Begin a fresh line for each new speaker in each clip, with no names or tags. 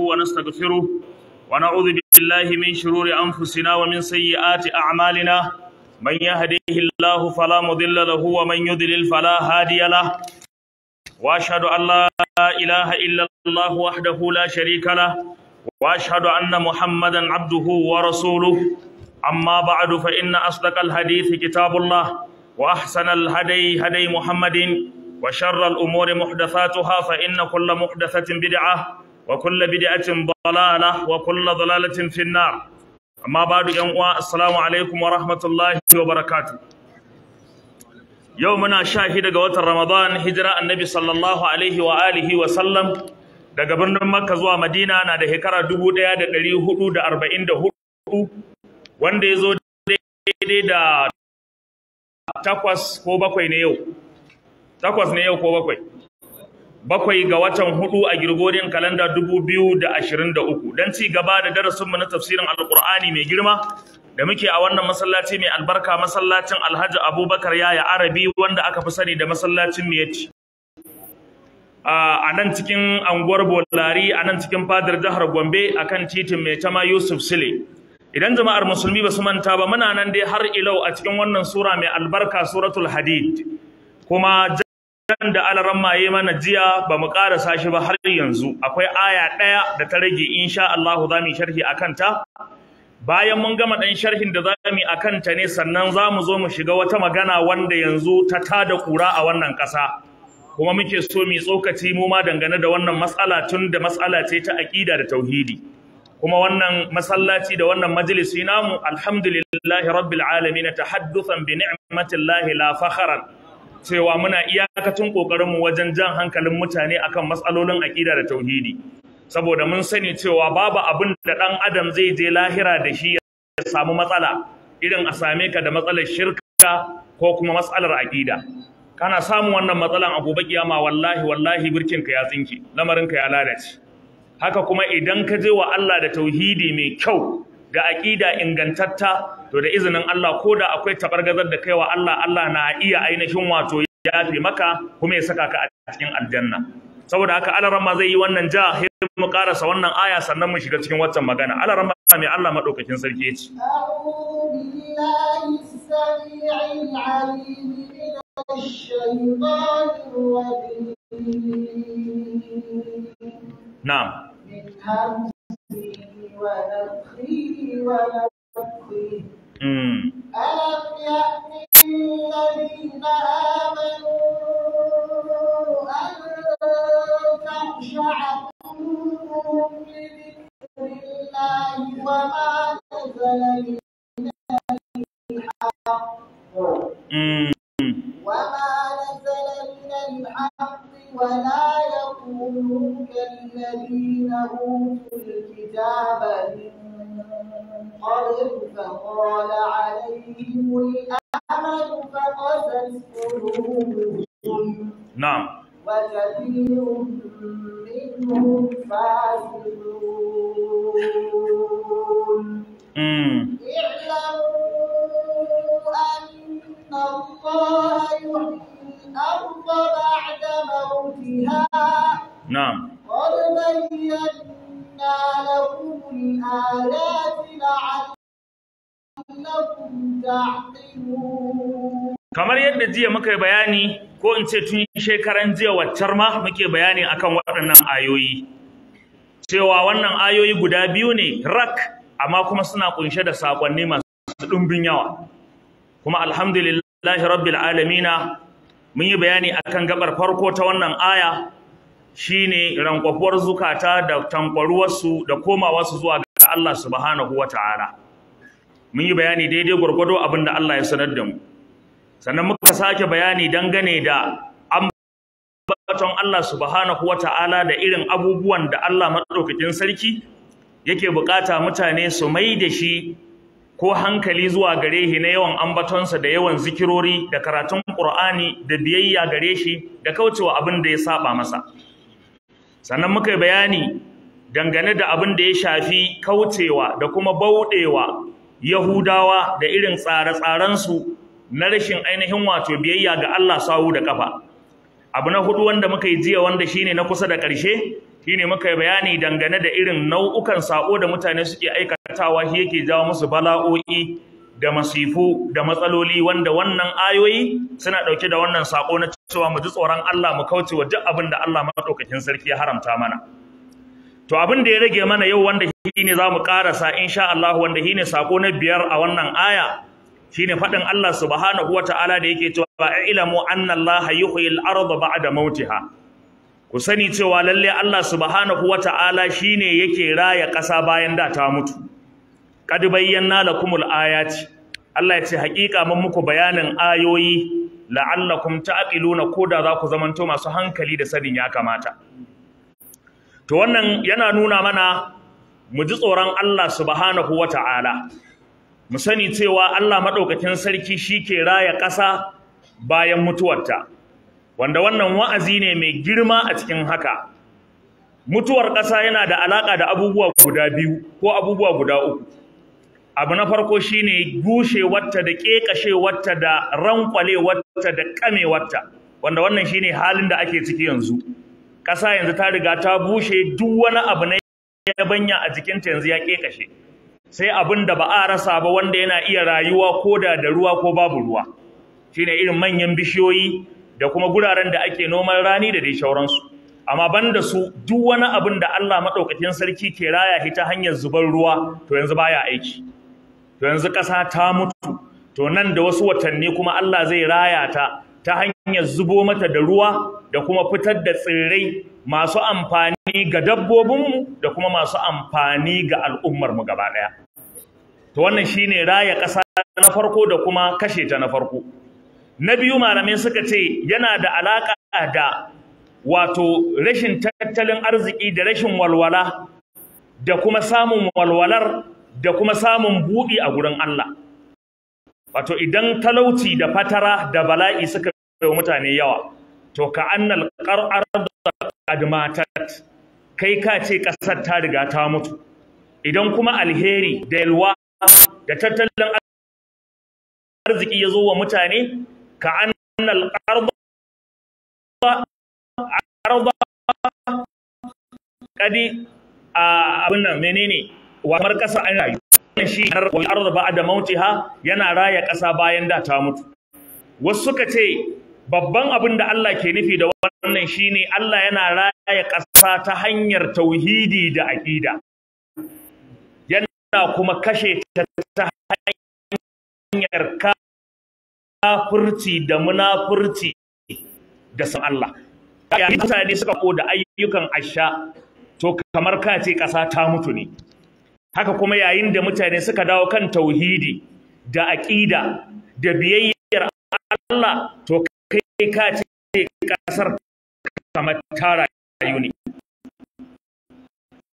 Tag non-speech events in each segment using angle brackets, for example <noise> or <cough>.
ونستغفره ونعوذ بالله من شرور أنفسنا ومن سيئات أعمالنا من يهديه الله فلا مضل له ومن يضلل فلا هادي له وأشهد أن لا إله إلا الله وحده لا شريك له وأشهد أن محمدا عبده ورسوله أما بعد فإن أصدق الحديث كتاب الله وأحسن الهدي هدي محمد وشر الأمور محدثاتها فإن كل محدثة بدعة وكل بدعة ضلالة وكل ضلالة في النار أما بعد ينقوى السلام عليكم ورحمة الله وبركاته يومنا شاهد قوات رمضان هجرة النبي صلى الله عليه وآله وسلم daga birnin Makka zuwa Madina na da shekara 1444 wanda ya zo daidai da takwas ko bakwai ne yau takwas ne yau ko bakwai bakwai ga watan hudu a girgorin kalanda dubu biyu da ashirin da uku don ci gaba da darasinmu na tafsirin alkur'ani mai girma da muke a wannan masallaci mai albarka masallacin alhaji abubakar yaya arabi wanda aka fi sani da masallacin miyati a nan cikin anguwar bolari a nan cikin fadar jihar gombe a kan titin mai tama yusuf sile idan jama'ar musulmi ba su manta ba muna nan dai har ilau a cikin wannan sura mai albarka suratul hadid kuma dan da alaran maye mana jiya ba mu karasa shi ba har yanzu akwai aya ɗaya da ta rage insha Allah za mu sharhi akan ta bayan mun gama ɗan sharhin da za mu akan ta ne sannan za mu zo mu shiga wata magana wanda yanzu ta tada kura a wannan ƙasa kuma muke so mu tsokaci mu ma dangane da wannan matsala tun da matsala ce ta aƙida da tauhidi kuma wannan masallaci da wannan majalisi namu alhamdulillahi rabbil alamin tahadduthan bi ni'matillahi la fakharan cewa muna iyakacin ƙoƙarinmu wajen jan hankalin mutane akan matsalolin aƙida da tauhidi saboda mun sani cewa babu abin da ɗan adam zai je lahira da shi ya samu matsala irin a same ka da matsalar shirka ko kuma matsalar aƙida kana samun wannan matsalan a gobe kiyama wallahi wallahi birkin ka ya tsinke lamarin ka ya lalace haka kuma idan ka je wa Allah da tauhidi mai kyau ga aƙida ingantatta to da izinin Allah ko da akwai tabargazar da kaiwa Allah Allah na iya ainihin wato ya maka kuma ya saka ka a cikin aljanna saboda haka alarama zai yi wannan jahil mu karasa wannan aya sannan mu shiga cikin waccan magana alarama mai Allah madaukakin sarki ya
na'am ونفخه ونفخه ألم يأت الذين آمنوا أن تخشع قلوبهم لذكر الله وما نزل من الحق
وما
نزل الحق ولا يقولوا كالذين أوتوا الكتاب من قبل فقال عليهم الأمل فقست قلوبهم نعم وكثير منهم فاسقون اعلموا أن الله يحيي الأرض بعد موتها نعم قد بينا لكم الآيات لعلكم تعقلون
Kamar yadda jiya muka yi bayani ko in ce tun shekaran jiya waccar ma muke bayani akan waɗannan ayoyi cewa wannan ayoyi guda biyu ne rak amma kuma suna kunshe da saƙonni masu ɗumbin yawa kuma alhamdulillahi rabbil alamina mun yi bayani akan gabar farko ta wannan aya shine rankwafuwar zukata da tankwaruwarsu da komawarsu zuwa ga Allah subhanahu wata'ala mun yi bayani daidai gwargwado abin da Allah ya sanar da mu sannan muka sake bayani dangane da ambaton Allah subhanahu ta'ala da irin abubuwan da Allah madaukakin sarki yake bukata mutane su mai da shi ko hankali zuwa gare shi na yawan ambatonsa da yawan zikirori da karatun Ƙur'ani da biyayya gare shi da kaucewa abin da ya saba masa sannan muka bayani dangane da abin da ya shafi kaucewa da kuma bauɗewa Yahudawa da irin tsare-tsarensu na rashin ainihin wato biyayya ga Allah sawu da kafa abu na hudu wanda muka yi jiya wanda shine na kusa da ƙarshe shine muka yi bayani dangane da irin nau'ukan sako da mutane suke aikatawa shi yake jawo musu bala'o'i da masifu da matsaloli wanda wannan ayoyi suna ɗauke da wannan saƙo na cewa mu ji tsoron Allah mu kauce wa duk abin da Allah maɗaukakin sarki ya haramta mana to abin da ya rage mana yau wanda shine zamu karasa insha Allah wanda shine saƙo na biyar a wannan aya shine faɗin Allah subhanahu wataala da yake cewa ilamu anna Allah yuhyi al ba'da mautiha ku sani cewa lalle Allah subhanahu wata'ala shine yake raya ƙasa bayan da ta mutu qad bayyana lakumul ayati Allah ya ce haƙiƙa mun muku bayanin ayoyi la'allakum ta'qiluna ko da za ku zamanto masu hankali da sanin ya kamata to wannan yana nuna mana mu ji tsoron Allah subhanahu wata'ala mu sani cewa Allah madaukakin sarki shi ke raya ƙasa bayan mutuwarta wanda wannan wa'azi ne mai girma a cikin haka mutuwar ƙasa yana da alaƙa da abubuwa guda biyu ko abubuwa guda uku abu na farko shine wata da wata da wata da wata wanda wannan shine halin da ake ciki yanzu ƙasa yanzu ta riga ta bushe duk wani abu na yabanya a jikinta yanzu ya kekashe sai abin da ba a rasa ba wanda yana iya rayuwa ko da da ruwa ko babu ruwa shine irin manyan bishiyoyi da kuma guraren da ake noman rani da dai sauransu amma banda su duk wani abin da Allah madaukakin sarki ke raya shi ta hanyar zubar ruwa to yanzu baya aiki to yanzu ƙasa ta mutu to nan da wasu watanni kuma Allah zai raya ta ta hanyar zubo mata da ruwa da kuma fitar da tsirrai masu amfani ga dabbobinmu da kuma masu amfani ga al'ummarmu gaba ɗaya to wannan shine raya ƙasa na farko da kuma kashe ta na farko na biyu malamai suka ce yana da alaƙa da wato rashin tattalin arziki da rashin walwala da kuma samun walwalar da kuma samun buɗi a gurin Allah wato idan talauci da fatara da bala'i suka yi mutane yawa to ka annal qar'ar admatat kai ka ce ƙasar ta riga ta mutu idan kuma alheri da yalwa da tattalin
arziki ya zo wa mutane ka annal qarda qarda ƙadi a
abin nan menene wamar ƙasa an rayu wannan shi wal ardu ba'da mautiha yana raya ƙasa bayan da ta mutu wasu suka ce babban abin da Allah ke nufi da wannan shine Allah yana raya ƙasa ta hanyar tauhidi da aƙida
yana kuma kashe ta ta hanyar kafirci da munafurci da san
Allah ya mutane suka koda da ayyukan asha to kamar ka ce ƙasa ta mutu ne haka kuma yayin da mutane suka dawo kan tauhidi da aƙida da biyayyar Allah to kai ka ce
kasar kamar tara yuni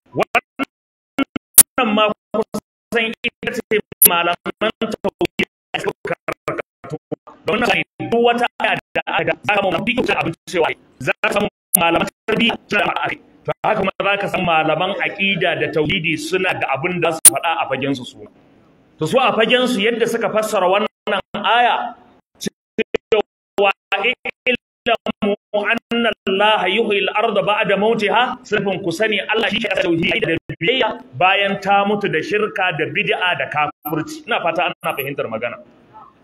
wannan ma kusan ita ce malaman tauhidi a cikin karatu don haka duk wata da aka samu mafi kyau abin
cewa za ka samu malaman tarbiyya da aka to haka kuma za ka san malaman aƙida da tauhidi suna da abin da su faɗa a fagen su su to su a fagensu yadda suka fassara wannan aya cewa ilamu anna Allah yuhyil arda ba'da mautiha sirfin ku sani Allah shi ke tauhidi da biyayya bayan ta mutu da shirka da bid'a da kafirci ina fata ana fahimtar magana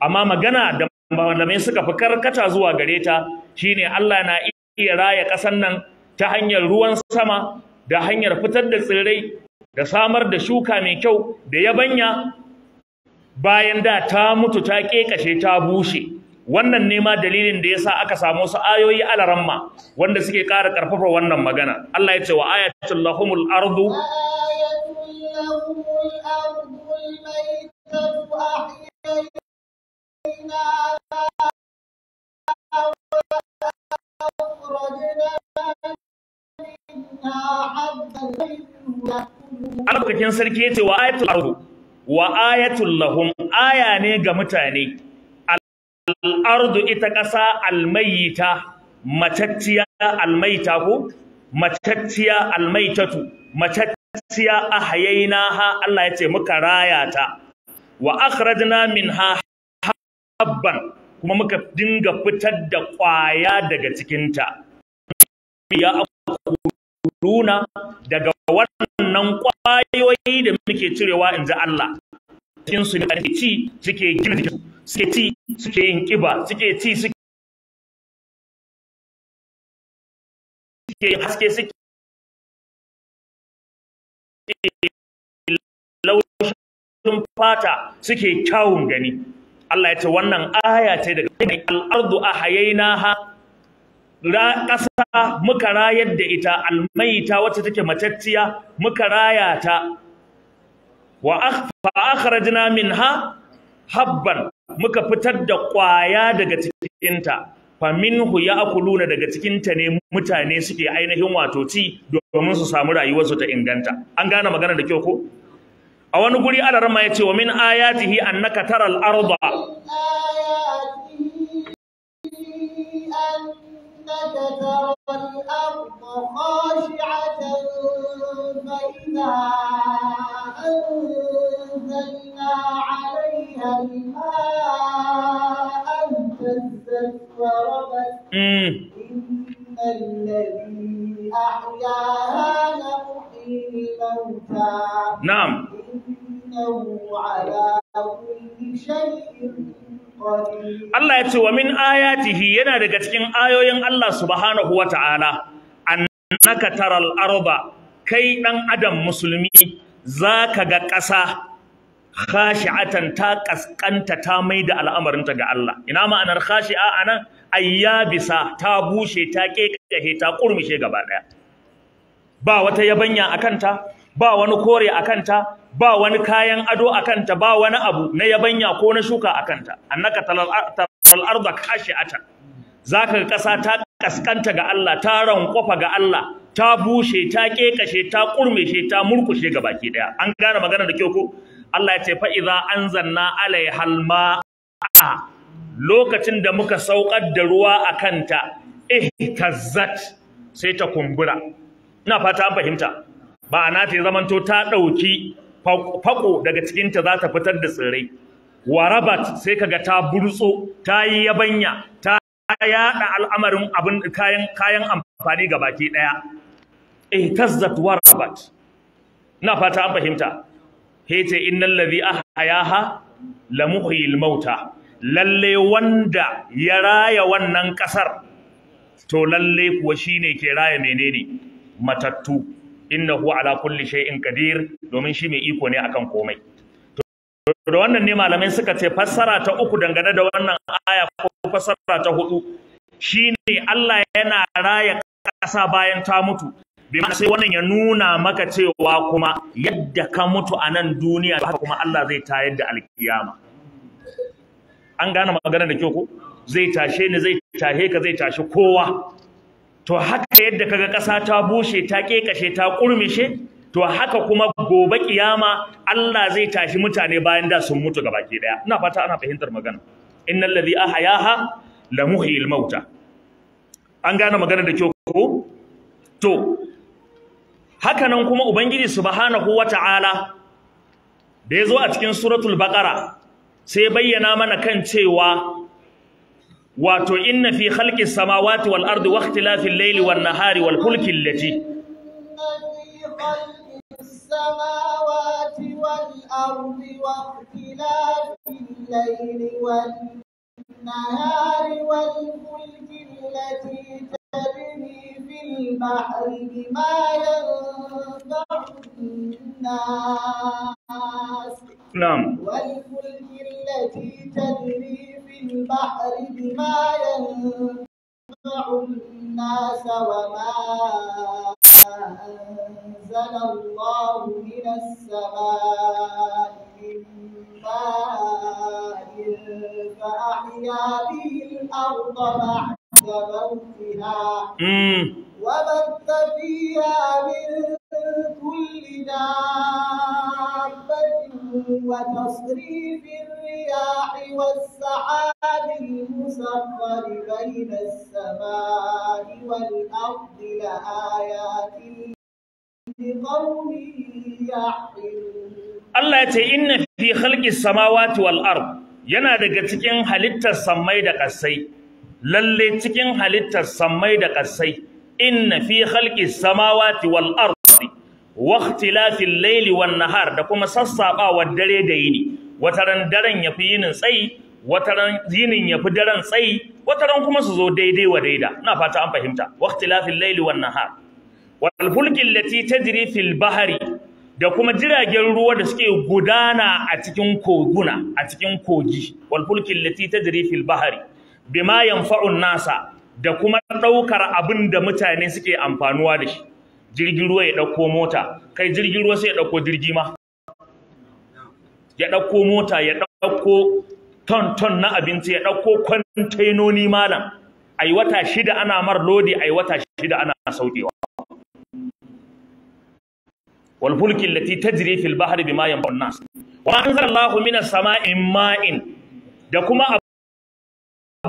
amma magana da malamai suka fi karkata zuwa gare ta shine Allah na iya raya kasan nan ta hanyar ruwan sama da hanyar fitar da tsirrai da samar da shuka mai kyau da yabanya bayan da ta mutu ta ƙeƙashe ta bushe wannan ne ma dalilin da yasa aka samu su ayoyi alaramma wanda suke ƙara ƙarfafa wannan magana Allah ya ce wa ayatul lahumul ardu Albarkin sarki ya ce wa ayatul ardu wa ayatul lahum aya ne ga mutane al ita ƙasa almayita matacciya almaita ko matacciya almaitatu matacciya ahyaynaha Allah ya ce muka raya ta wa akhrajna minha habban kuma muka dinga fitar da ƙwaya daga cikinta ya nuna daga wannan ƙwayoyi da muke cirewa in ji Allah cikin su ne ci suke
gina jikin suke ci suke yin ƙiba suke ci suke haske suke laushin fata suke kyawun gani
Allah ya ce wannan aya ce daga al'ardu a ha ƙasa muka rayar da ita almaita wacce take matacciya muka raya ta wa akhrajna minha habban muka fitar da ƙwaya daga cikinta fa minhu ya'kuluna daga cikinta ne mutane suke ainihin wato ci domin su samu rayuwarsu ta inganta an gane magana da kyau ko a wani guri alarma ya ce wa min ayatihi annaka taral arda
إنك ترى الأرض خاشعة فإذا أنزلنا عليها الماء اهتزت وربت
إن
الذي أحياها لمحيي الموتى نعم إنه على كل شيء
Allah ya ce wa min
ayatihi yana daga cikin ayoyin Allah subhanahu wa ta'ala annaka taral arba kai dan adam musulmi zaka ga ƙasa khashi'atan ta ƙasƙanta, ta maida al'amarinta ga Allah ina ma'anar khashi'a anan ayyabisa ta bushe ta kekahe ta kurmishe gaba ɗaya. ba wata yabanya akanta ba wani kore a kanta ba wani kayan ado a kanta ba wani abu na yabanya ko na shuka a kanta annaka talal arda kashi'atan zaka ga ƙasa ta kaskanta ga Allah ta rankwafa ga Allah ta bushe ta ƙeƙashe ta kurmeshe ta murkushe ga baki daya an gane magana da kyau ko Allah ya ce fa zanna alai halma a lokacin da muka saukar da ruwa a kanta eh zat sai ta kumbura ina fata an fahimta ba'ana ta zamanto ta ɗauki fako daga cikinta za ta fitar da tsirrai warabat sai kaga ta burtso ta yi yabanya ta yaɗa al'amarin abin kayan kayan amfani ga baki ɗaya ihtazzat eh, warabat na fata an fahimta hece innal ladhi ahyaha la muhyil mauta lalle wanda ya raya wannan ƙasar, to lalle kuwa shine ke raya menene matattu innahu ala kulli shay'in qadir domin shi mai iko ne akan komai to da wannan ne malamai suka ce fassara ta uku dangane da wannan aya ko fassara ta hudu shine Allah yana raya ƙasa bayan ta mutu bima sai wannan ya nuna maka cewa kuma yadda ka mutu a nan duniya haka kuma Allah zai tayar da alkiyama an gane magana da kyau ko zai tashe ni zai tahe ka zai tashi kowa to haka yadda kaga ƙasa ta bushe ta kekashe ta kurmishe to haka kuma gobe kiyama Allah zai tashi mutane bayan da sun mutu gabaki daya ina fata ana fahimtar magana innal ladhi ahyaha la muhyil mauta an gane magana da kyau ko to haka nan kuma ubangiji subhanahu wata'ala da yazo a cikin suratul baqara sai bayyana mana kan cewa wato inna fi khalqis samawati wal ardi wa ikhtilafil layli wan nahari wal fulki allati
السماوات والأرض واختلاف الليل والنهار والفلك التي في البحر الناس نعم والفلك التي تجري في البحر بما ينفع الناس وما أنزل الله من السماء من ماء
فأحيا
به الأرض بعد وموتها وبث فيها من كل دابة وتصريف الرياح والسحاب المسخر بين السماء والأرض لآيات لقوم يعقلون
الله يقول إن في خلق السماوات والأرض yana daga cikin halittar sammai da ƙasai lalle cikin halittar sammai da ƙasai inna fi halki samawati wal ardi wa ikhtilafil layli wan nahar da kuma sassabawar dare da yini wataran daren yafi yinin tsayi wataran yinin yafi daren tsayi wataran kuma su zo daidai wa daida ina fata an fahimta wa ikhtilafil layli wan nahar wal fulki allati tajri fil bahri da kuma jiragen ruwa da suke gudana a cikin koguna a cikin kogi wal fulki allati tajri fil bahri bima yanfa'un nasa da kuma ɗaukar abin da mutane suke amfanuwa da shi jirgin ruwa ya ɗauko mota kai jirgin ruwa sai ya ɗauko jirgi ma ya ɗauko mota ya ɗauko ton ton na abinci ya ɗauko kwantainoni malam ai wata shida ana mar lodi ai wata shida ana saukewa والفلك التي تجري في البحر بما ينفع الناس وما انزل الله من السماء ماء da kuma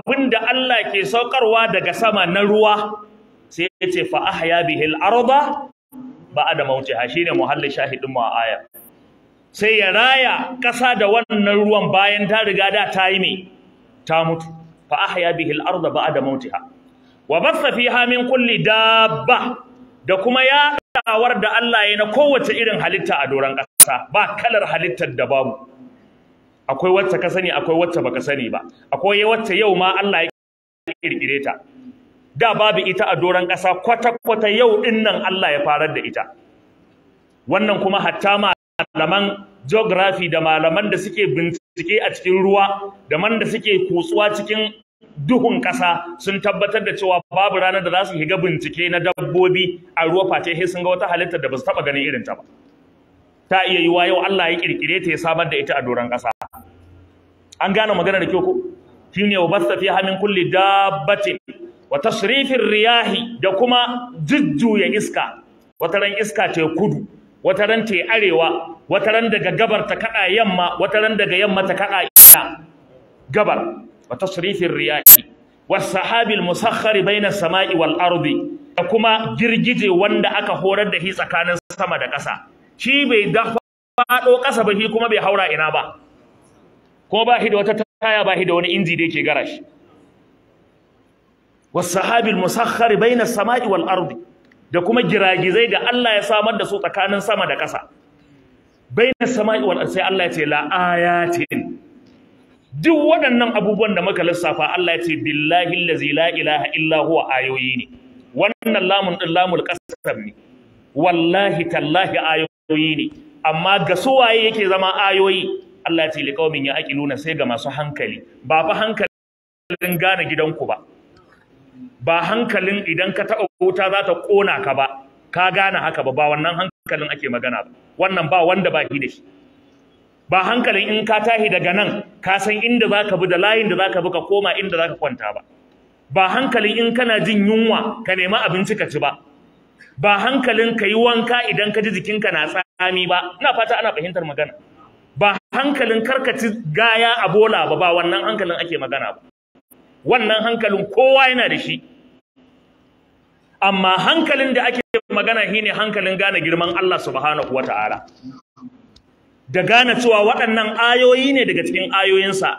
da Allah ke saukarwa daga sama na ruwa sai ya ce fa ahya bihil arda ba'da Shi shine muhallin shahidin mu a aya sai ya raya ƙasa da wannan ruwan bayan ta riga da ta yi me ta mutu fa ahya bihil arda ba'da mautiha wa batha fiha min kulli dabba da kuma ya dawar da Allah ya na kowace irin halitta a doron kasa ba kalar halittar da babu akwai wacce ka sani akwai wacce baka sani ba akwai wacce yau ma Allah ya kirkire ta da babu ita a doron ƙasa kwata-kwata yau din nan Allah ya farar da ita wannan kuma hatta malaman geography da malaman da suke bincike a cikin ruwa da man da suke kutsuwa cikin duhun ƙasa sun tabbatar da cewa babu ranar da za su shiga bincike na dabbobi a ruwa face sai sun ga wata halittar da ba su taɓa ganin irinta ba ta iya yiwa yau Allah ya kirkire ta ya samar da ita a doron ƙasa an gane magana da kyau ko shine wa basta fiha min kulli dabbatin wa tasrifin riyahi da kuma jujjuya iska ran iska ta kudu ran ta arewa ran daga gabar ta kada yamma ran daga yamma ta kada gabar wa tasrifin riyahi wa sahabil musakhkhari baina samai wal ardi da kuma girgije wanda aka horar da shi tsakanin sama da ƙasa shi bai da faɗo ƙasa ba shi kuma bai haura ina ba ko ba shi da wata taya ba shi da wani inji da yake gara shi wasahabil musakhkhar baina samai wal da kuma giragizai da Allah ya samar da su tsakanin sama da ƙasa baina samai wal ardi sai Allah ya ce la ayatin duk waɗannan abubuwan da muka lissafa Allah ya ce billahi allazi la ilaha illa huwa ayoyi ne wannan lamun din lamul qasam ne wallahi tallahi ayoyi ne amma ga waye yake zama ayoyi Allah ce liƙaumin ya nuna sai ga masu hankali ba fa hankalin gane gidanku ba ba hankalin idan ka taɓa wuta za ta ƙona ka ba ka gane haka ba ba wannan hankalin ake magana ba wannan ba wanda ba shi da shi ba hankalin in ka tahi daga nan ka san inda za ka bi da layin da za ka bi ka koma inda za ka kwanta ba ba hankalin in kana jin yunwa ka nema abinci ka ci ba ba hankalin ka yi wanka idan ka ji jikinka na tsami ba ina fata ana fahimtar magana ba hankalin karkaci gaya a bola ba ba wannan hankalin ake magana ba wannan hankalin kowa yana da shi amma hankalin da ake magana shine hankalin gane girman Allah subhanahu wataala da gane cewa waɗannan ayoyi ne daga cikin ayoyinsa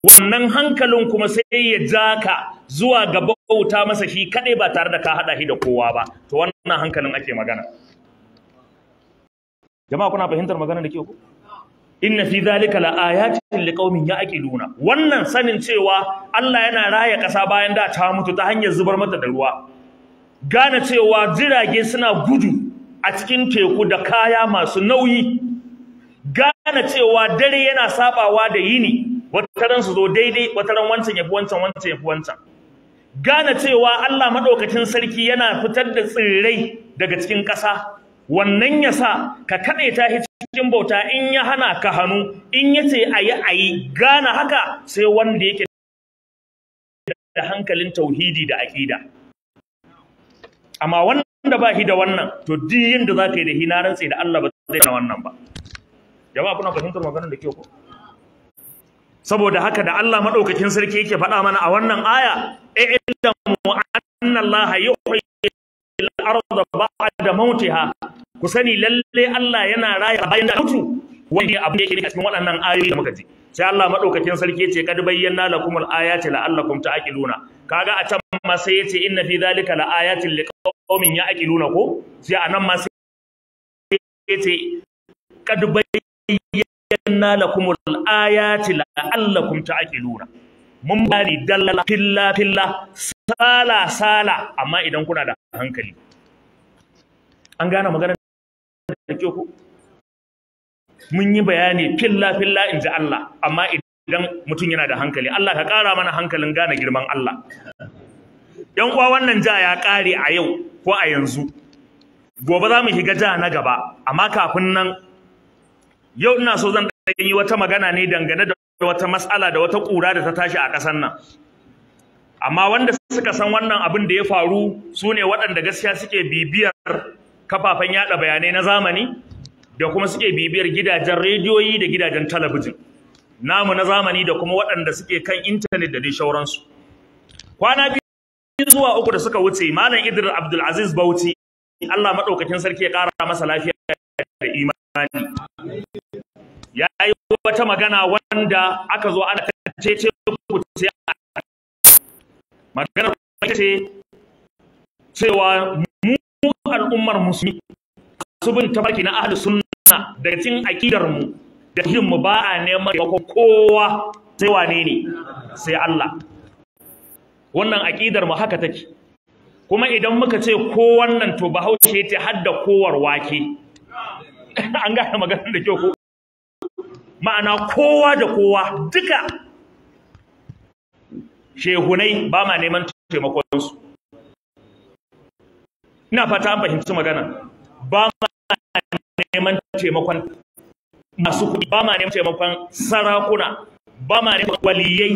wannan hankalin kuma sai ya jaka zuwa ga bauta masa shi kaɗai ba tare da ka haɗa shi da kowa ba to wannan hankalin ake magana jama'a kuna fahimtar magana da ke ku inna fi zalika ya liqaumin yaqiluna wannan sanin cewa Allah yana raya kasa bayan da ta mutu ta hanyar zubar mata da ruwa gane cewa jirage suna gudu a cikin teku da kaya masu nauyi gane cewa dare yana sabawa da yini wataran su zo daidai wataran wancan yafi wancan wancan yafi wancan gane cewa Allah madaukakin sarki yana fitar da tsirrai daga cikin kasa wannan yasa ka kade ta cikin bauta in ya hana ka hannu in ya ce a yi a yi gane haka sai wanda yake da hankalin tauhidi da aƙida amma wanda ba shi da wannan to diyin da za ka yi da hina rantse da Allah ba zai na wannan ba jama'a kuna fahimtar maganar da ke ku? saboda haka da Allah maɗaukakin sarki yake faɗa mana a wannan aya ilmu anna Allah yuhyi al ba'da mautiha ku sani lalle Allah yana raya bayan da mutu wani abu ne yake cikin waɗannan ayoyi da muka ji sai Allah madaukakin sarki ce kad bayyana al ayati la'allakum ta'qiluna kaga a can ma sai yace inna fi dhalika la'ayatin liqaumin ya'qiluna ko sai anan ma sai yace kad bayyana al ayati la'allakum ta'qiluna mun bari dallala filla filla sala sala amma idan kuna da hankali an gane magana mun yi bayani filla filla in ji Allah amma idan mutum yana da hankali Allah ka ƙara mana hankalin gane girman Allah yan uwa wannan ja ya ƙare a yau ko a yanzu gobe za mu shiga ja na gaba amma kafin nan yau ina so zan yi wata magana ne dangane da wata matsala da wata ƙura da ta tashi a ƙasar nan amma wanda suka san wannan abin da ya faru su ne waɗanda gaskiya suke bibiyar kafafen yada bayanai na zamani da kuma suke bibiyar gidajen rediyoyi da gidajen talabijin namu na zamani da kuma waɗanda suke kan intanet da dai shauransu kwana biyu zuwa uku da suka wuce malam idris abdulaziz bauchi allah maɗaukakin sarki ya ƙara masa lafiya da imani ya yi wata magana wanda aka zo ana cece ku sai magana ce cewa mu al'ummar musulmi su bin tabarki na ahli sunna daga cikin akidar mu da yin mu ba a neman taimakon kowa sai wane ne sai Allah wannan akidar mu haka take kuma idan muka ce ko wannan to bahaushe ta hadda kowar wake <laughs> an gane maganar da kyau ko ma'ana kowa da kowa duka shehunai ba ma neman taimakon su ina fata an fahimci magana ba ma neman taimakon masu kuɗi ba ma neman taimakon sarakuna ba ma neman waliyai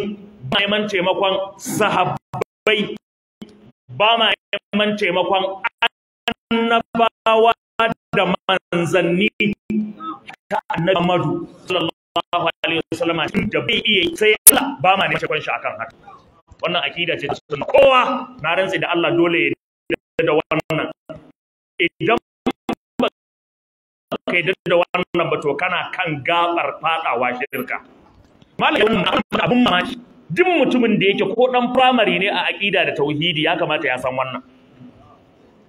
ba ma neman taimakon sahabbai ba ma neman taimakon annabawa da manzanni ta annabi Muhammadu sallallahu alaihi wasallam da bai iya sai Allah ba ma neman taimakon shi akan haka wannan akida ce ta sunna kowa na rantsi da Allah dole ya da wannan idan ba ka yi da wannan ba to kana kan gabar fadawa shirka malamin na abin mamaki duk mutumin da yake ko dan primary ne a aqida da tauhidi ya kamata ya san wannan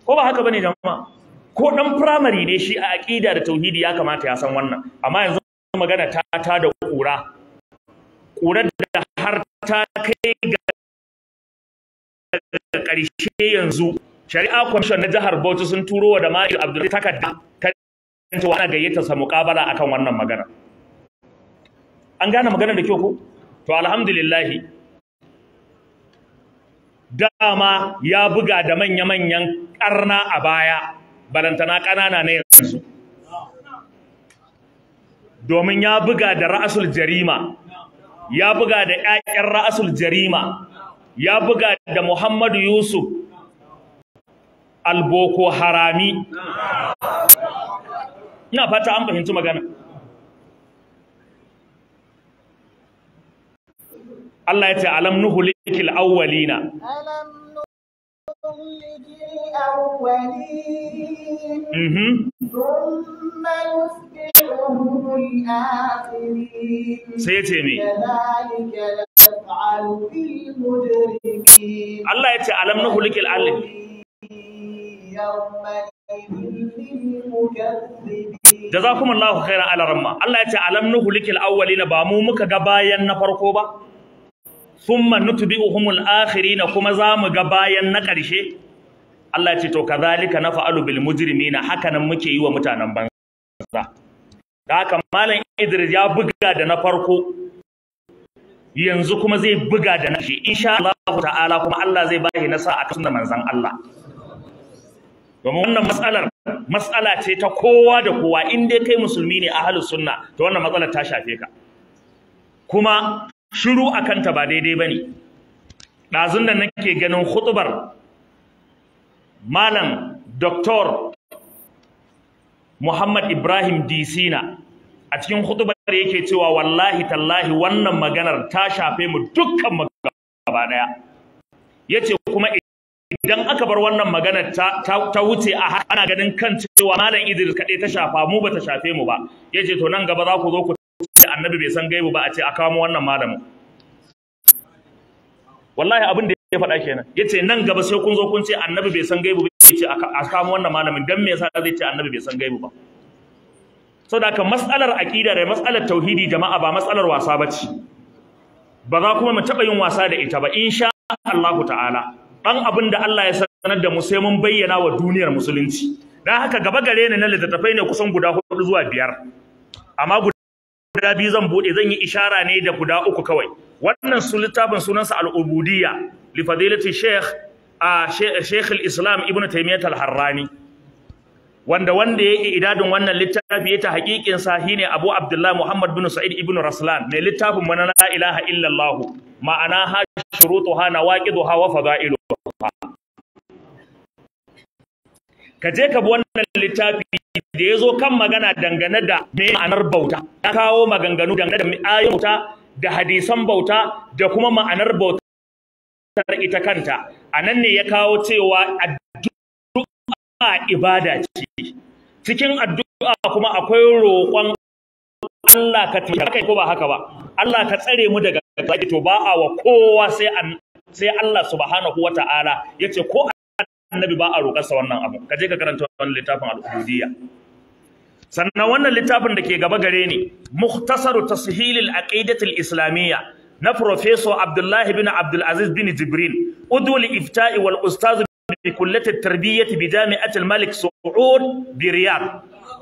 ko ba haka bane jama'a ko dan primary ne shi a aqida da tauhidi ya kamata ya san wannan amma yanzu magana ta ta da kura kurar da har ta kai ga ƙarshe yanzu shari'a kwamishon na jihar Bauchi sun turo wa da Ma'il Abdul takarda ta tantuwa ana gayyata sa muƙabala akan wannan magana an gane magana da kyau ko to alhamdulillah dama ya buga da manya-manyan ƙarna a baya balantana ƙanana na yanzu domin ya buga da ra'asul jarima ya buga da ƴaƴan ra'asul jarima ya buga da Muhammadu Yusuf alboko harami ina fata an fahimci magana Allah ya ce alam nuhulikil awwalina
alam nuhulikil mhm. sai ce me Allah ya ce alam na
hulikil alif.
Da za kuma Allah kaira
alaran ma, Allah ya ce alam na hulikil awwali na ba mu muka ga bayan na farko ba? Summa nutubi uhumul akhiri na kuma zamu ga bayan na karshe? Allah ya ce, To, ka na fa’alu bil mujirimi na haka muke yi wa mutanen banza. Malam Idris ya buga da na farko, yanzu kuma zai buga da nashi insha Allah ta'ala kuma Allah zai bashi nasa a kan manzon Allah domin wannan matsalar matsala ce ta kowa da kowa in dai kai musulmi ne ahlus sunna to wannan matsalar ta shafe ka kuma shiru akan ta ba daidai bane dazun da nake ganin khutbar malam Dr. Muhammad Ibrahim Disina a cikin khutbar yake cewa wallahi tallahi wannan maganar ta shafe mu dukkan gaba daya yace kuma idan aka bar wannan maganar ta wuce a ana ganin kan cewa malam Idris kade ta shafa mu bata shafe mu ba yace to nan gaba za ku zo ku ce annabi bai san gaibu ba a ce a kawo wannan malamin wallahi abin da ya faɗa kenan yace nan gaba sai kun zo kun ce annabi bai san gaibu ba yace a kawo wannan malamin dan me yasa zai ce annabi bai san gaibu ba saboda haka mas'alar aqida da mas'alar tauhidi jama'a ba matsalar wasa bace ba za kuma mu taba yin wasa da ita ba insha Allah ta'ala dan abin da Allah ya sanar da mu sai mun bayyana wa duniyar musulunci dan haka gaba gare ni na littattafai ne kusan guda hudu zuwa biyar amma guda biyu zan bude zan yi ishara ne da guda uku kawai wannan su littafin sunansa al-ubudiyya li fadilati sheikh a sheikh al-islam ibnu taymiyyah al-harrani wanda wanda ya idadin wannan littafi ya ta haƙiƙin sa shine Abu Abdullah Muhammad bin Sa'id ibn Raslan mai littafin mana la ilaha illallah ma'ana ha shurutuha nawaqiduha wa fadailuha ka je ka bi wannan littafi da ya zo kan magana dangane da me ma'anar bauta ya kawo maganganu dangane da ayoyin bauta da hadisan bauta da kuma ma'anar bauta ita kanta a nan ne ya kawo cewa ibada ce cikin addu'a kuma akwai roƙon Allah ka tuya kai ko ba haka ba Allah ka tsare mu daga zaki to ba a wa kowa sai an sai Allah subhanahu wata'ala yace ko annabi ba a roƙar sa wannan abu ka je ka karanta wannan littafin al sannan wannan littafin da ke gaba gare ni mukhtasaru tashilil aqidatil islamiyya na professor Abdullahi bin Abdul Aziz bin Jibrin udul ifta'i wal ustaz بكلية التربية بجامعة Malik, سعود برياض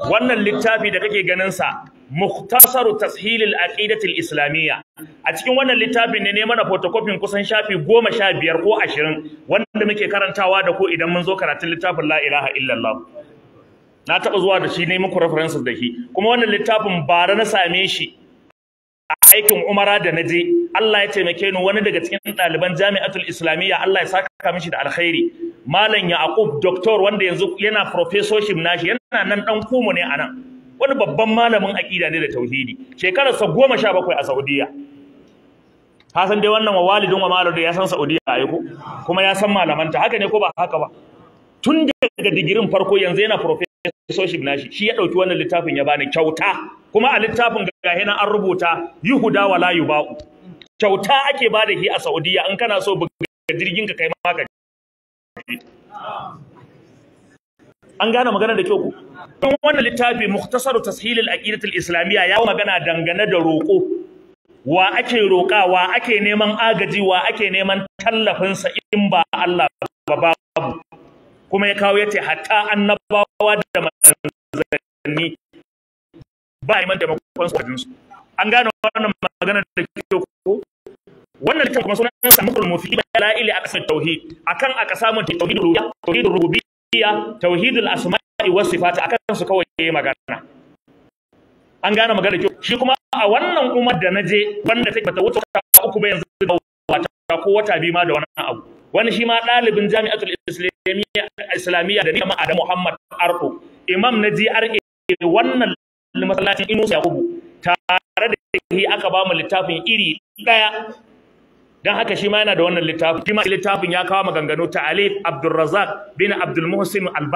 wannan littafi da kake ganin sa Mukhtasaru Tashilil Aqidatil Islamiyya a cikin wannan littafin ne ne mana photocopy kusan shafi 15 ko 20 wanda muke karantawa da ko idan mun zo karatun littafin La ilaha illallah na taba zuwa da shi ne muku references da shi kuma wannan littafin bara na same shi aikin umara da na je Allah ya taimake ni wani daga cikin ɗaliban jami'atul islamiyya Allah ya saka mishi da alkhairi malam yaqub doctor wanda yanzu yana professorship nashi yana nan dan kumu ne anan wani babban malamin aqida ne da tauhidi shekarar sa 17 a Saudiya ka san dai wannan wa walidin wa da ya san Saudiya ai kuma ya san malamanta haka ne ko ba haka ba tun daga digirin farko yanzu yana professor so shi nashi shi ya dauki wannan littafin ya bani kyauta kuma a littafin gahe nan an rubuta yuhuda wala yubau kyauta ake bada shi a Saudiya in kana so buga jirgin ka kai maka an gane magana da kyau ku don wannan littafin mukhtasaru tashil al-aqidah al-islamiyya ya magana dangane da roko wa ake roka wa ake neman agaji wa ake neman tallafin sa in ba Allah ba babu kuma ya kawo yace hatta annabawa da manzanni ba iman da makon sojin su an gane wannan magana da kike ko wannan littafin kuma sunan sa mukul mufi la ilaha illa tauhid akan aka samu tauhid rububiyya tauhid rububiyya al asma'i was sifat akan su kawai yayi magana an gane magana da shi kuma a wannan umar da naje wanda take bata wuce uku ba yanzu ta ko wata bi ma da wannan abu wani shi ma ɗalibin jami'atul islamiyya da nima adam muhammad arko imam na GRA wannan masallacin inusa yakubu tare da shi aka ba mu littafin iri ɗaya don haka shi ma yana da wannan littafin shi ma littafin ya kawo maganganu ta alif abdulrazak bin abdul muhsin al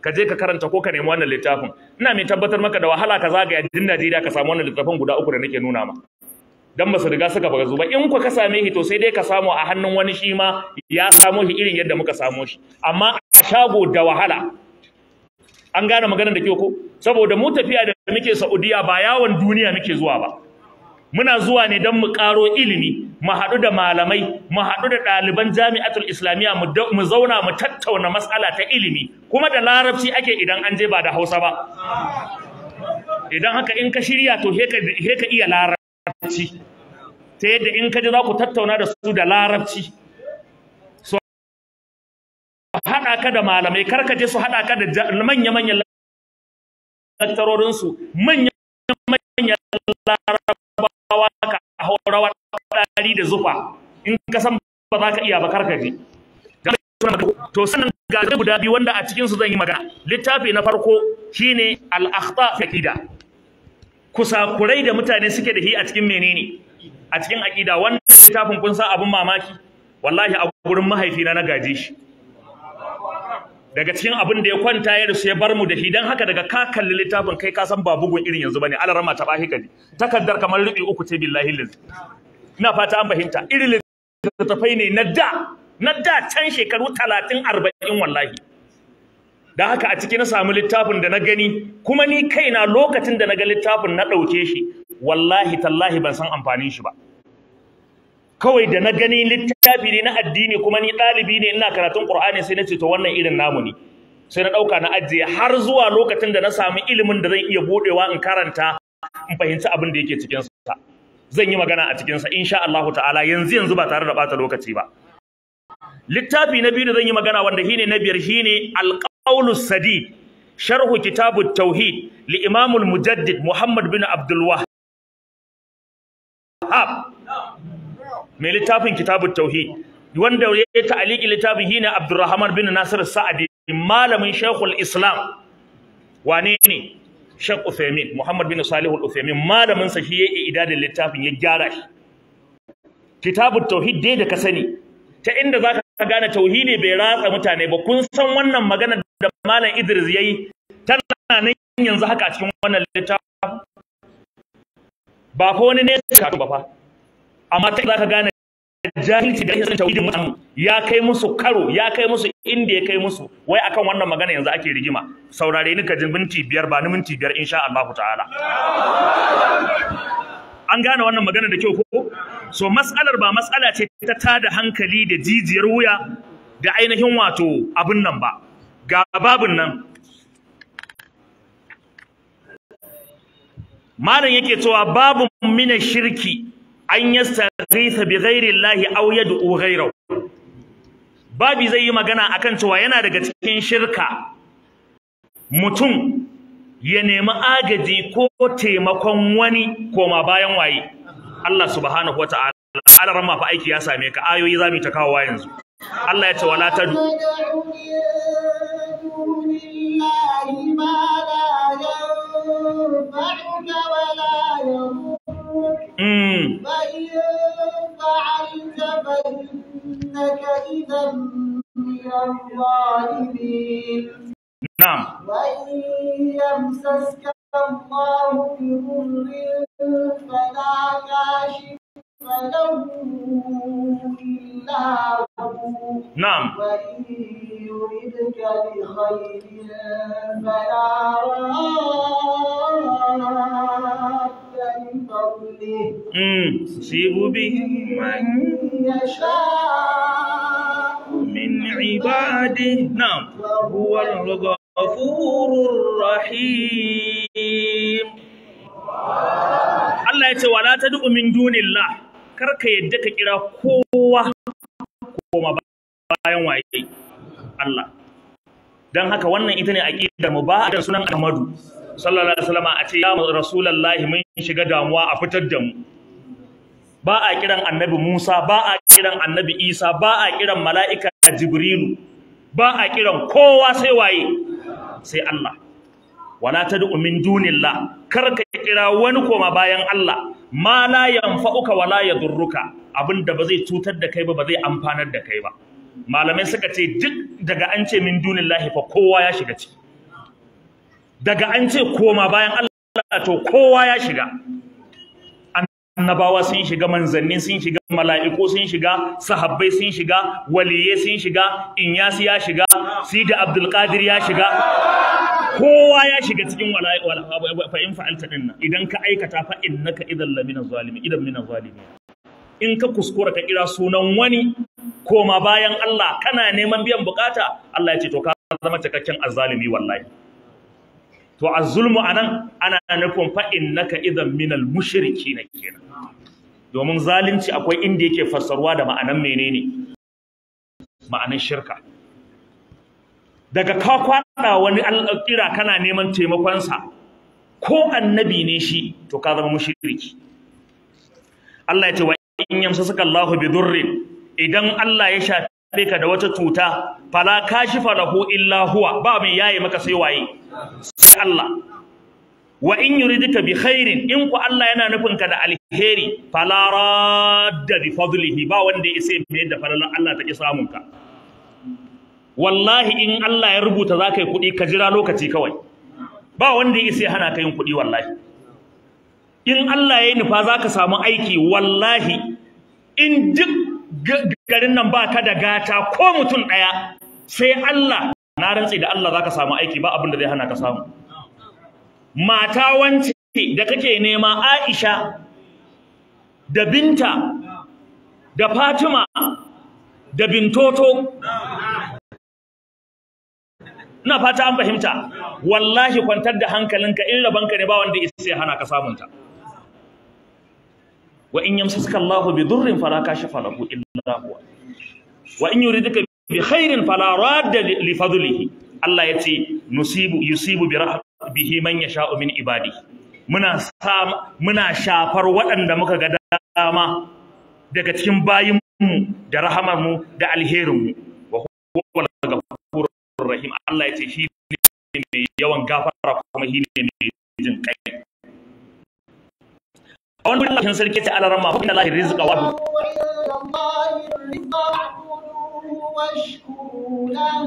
ka je ka karanta ko ka nemi wannan littafin ina mai tabbatar maka da wahala ka zagaya din Najeriya ka samu wannan littafin guda uku da nake nuna ma dan ba su riga suka bazu ba in ku ka same shi to sai dai ka samu a hannun wani shi ma ya samo shi irin yadda muka samo shi amma a shago da wahala an gane maganar da ke ko saboda mu tafiya da muke Saudiya ba yawon duniya muke zuwa ba muna zuwa ne dan mu karo ilimi mu haɗu da malamai mu haɗu da ɗaliban jami'atul islamiyya mu zauna mu tattauna matsala ta ilimi kuma da larabci ake idan an je ba da Hausa ba idan haka in ka shirya to he ka iya larabci larabci ta yadda in ka ji za ku tattauna da su da larabci su haɗa ka da malamai kar ka je su haɗa ka da manya-manyan laktarorinsu manya-manyan larabawa ka haurawa ɗari da zufa in ka san ba za ka iya ba kar ka je to sannan ga guda biyu wanda a cikinsu zan yi magana littafi na farko shine al-akhta fi kusakurai da mutane suke da hi a cikin menene a cikin aƙida wannan littafin kun san abin mamaki wallahi a gurin mahaifi na gaje shi daga cikin abin da ya kwanta ya rasu ya bar mu da shi don haka daga ka kalli littafin kai ka san ba bugun irin yanzu bane alarama ta bahi gani takaddar kamar rubi uku ce billahi liz ina fata an fahimta irin littafai ne na da na da can shekaru talatin arba'in wallahi Da haka a ciki na samu littafin da na gani kuma ni kaina lokacin da na ga littafin na ɗauke shi wallahi tallahi ban san amfanin shi ba kawai da na gani littafi ne na addini kuma ni ɗalibi ne ina karatun ƙur'ani sai na ce to wannan irin namu ne sai na ɗauka na ajiye har zuwa lokacin da na samu ilimin da zan iya buɗewa in karanta in fahimci abin da yake cikinsa zan yi magana a cikinsa insha Allahu ta'ala yanzu yanzu ba tare da ɓata lokaci ba littafi na biyu da zan yi magana wanda shine na biyar shine قول السديد شرح كتاب التوحيد لإمام المجدد محمد بن عبد الوهاب من لتاب كتاب التوحيد wanda ya ta'aliki littafin hina Abdurrahman bin Nasir Sa'adi malamin Sheikhul Islam wane ne Sheikh Uthaymeen Muhammad bin Salih Al-Uthaymeen malamin sa shi ya idadin littafin ya gyara shi Kitabut Tauhid dai da ka sani ta inda zaka gane tauhidi bai ratsa mutane ba kun san wannan magana da malam Idris yayi tana nan yanzu haka cikin wannan littafin ba fa wani ne karatu ba fa amma ta zaka gane jahilci da yasan tauhidin mutan ya kai musu karo ya kai musu inda ya kai musu wai akan wannan magana yanzu ake rigima saurare ni ka ji minti biyar ba ni minti biyar insha Allah ta'ala an gane wannan magana da kyau ko so mas'alar ba matsala ce ta tada hankali da jijiyar wuya da ainihin wato abin nan ba ga babin nan malam yake cewa babu mina shirki an yastaghitha bi ghairi llahi aw yad'u babi zai yi magana akan cewa yana daga cikin shirka mutum ya nemi agaji ko taimakon wani koma bayan waye Allah subhanahu wata'ala alaran ma fa aiki ya same ka ayoyi mu ta kawo yanzu Allah ya ce wala tadu
Mm.
نعم وإن يمسسك الله بضر فلا كاشف له إلا هو نعم وإن يردك بخير فلا راد لفضله
يصيب به من
يشاء من عباده
نعم
وهو الرضا غفور رحيم Allah ya ce wala tad'u min dunillah kar ka yarda ka kira kowa koma bayan waye haka wannan ita ne aqidar mu ba da sunan Ahmadu sallallahu alaihi wasallam a ce ya rasulullahi mun shiga damuwa a fitar da mu ba a kiran annabi Musa ba a kiran annabi Isa ba a kiran mala'ika Jibrilu ba a kiran kowa sai waye sai Allah wala tad'u min dunillah kar ka kira wani koma bayan Allah ma la yanfa'uka wala yadurruka abinda ba zai cutar da kai ba ba zai amfanar da kai ba malamai suka ce duk daga an ce min dunillahi fa kowa ya shiga ci daga an ce koma bayan Allah to kowa ya shiga annabawa sun shiga manzanni sun shiga mala'iku sun shiga sahabbai sun shiga waliye sun shiga inyasi ya shiga sidi abdul ya shiga kowa ya shiga cikin fa in fa'alta din nan idan ka aikata fa innaka idan idan mina zalimi in ka kuskura ka kira sunan wani ma bayan Allah kana neman biyan bukata Allah ya ce to ka zama cikakken azzalimi wallahi to azzulmu anan ana nufin fa innaka idan minal mushrikina kenan domin zalunci akwai inda yake fassarwa da ma'anan menene ma'anan shirka daga ka fara wani kira kana neman taimakonsa ko annabi ne shi to ka zama mushriki Allah ya ce wa in yamsasaka Allahu bi durrin idan Allah ya shafe ka da wata cuta fala kashifa lahu illa huwa ba mai yayi maka sai waye sai Allah wa in yuridika bi khairin in ku Allah yana nufin ka da alheri fala radda bi fadlihi ba wanda ya isa mai da falalan Allah ki samun ka wallahi in Allah ya rubuta za ka yi kuɗi ka jira lokaci kawai ba wanda ya isa ya hana ka yin kuɗi wallahi in Allah ya yi nufa za ka samu aiki wallahi in duk garin nan ba ka da gata ko mutum ɗaya sai Allah na rantse da Allah za ka samu aiki ba abin da zai hana ka samu mata wance da kake nema Aisha da binta da Fatima da bintoto ina fata an fahimta wallahi kwantar da hankalinka in rabanka ne ba wanda isa sai hana ka samunta wa in yamsaka Allahu bi durrin fala kashifa lahu illa huwa wa in yuridka bi khairin fala radda li fadlihi Allah yace nusibu yusibu bi rahbihi man yasha'u min ibadi. muna muna shafar waɗanda muka ga dama daga cikin bayinmu da rahamarmu da alherinmu wa huwa rahim Allah ya ce shi ne mai yawan gafara kuma shi ne mai jin kai a wani wurin lafiyar sarki ta alaran ma hukunan lahi rizika wa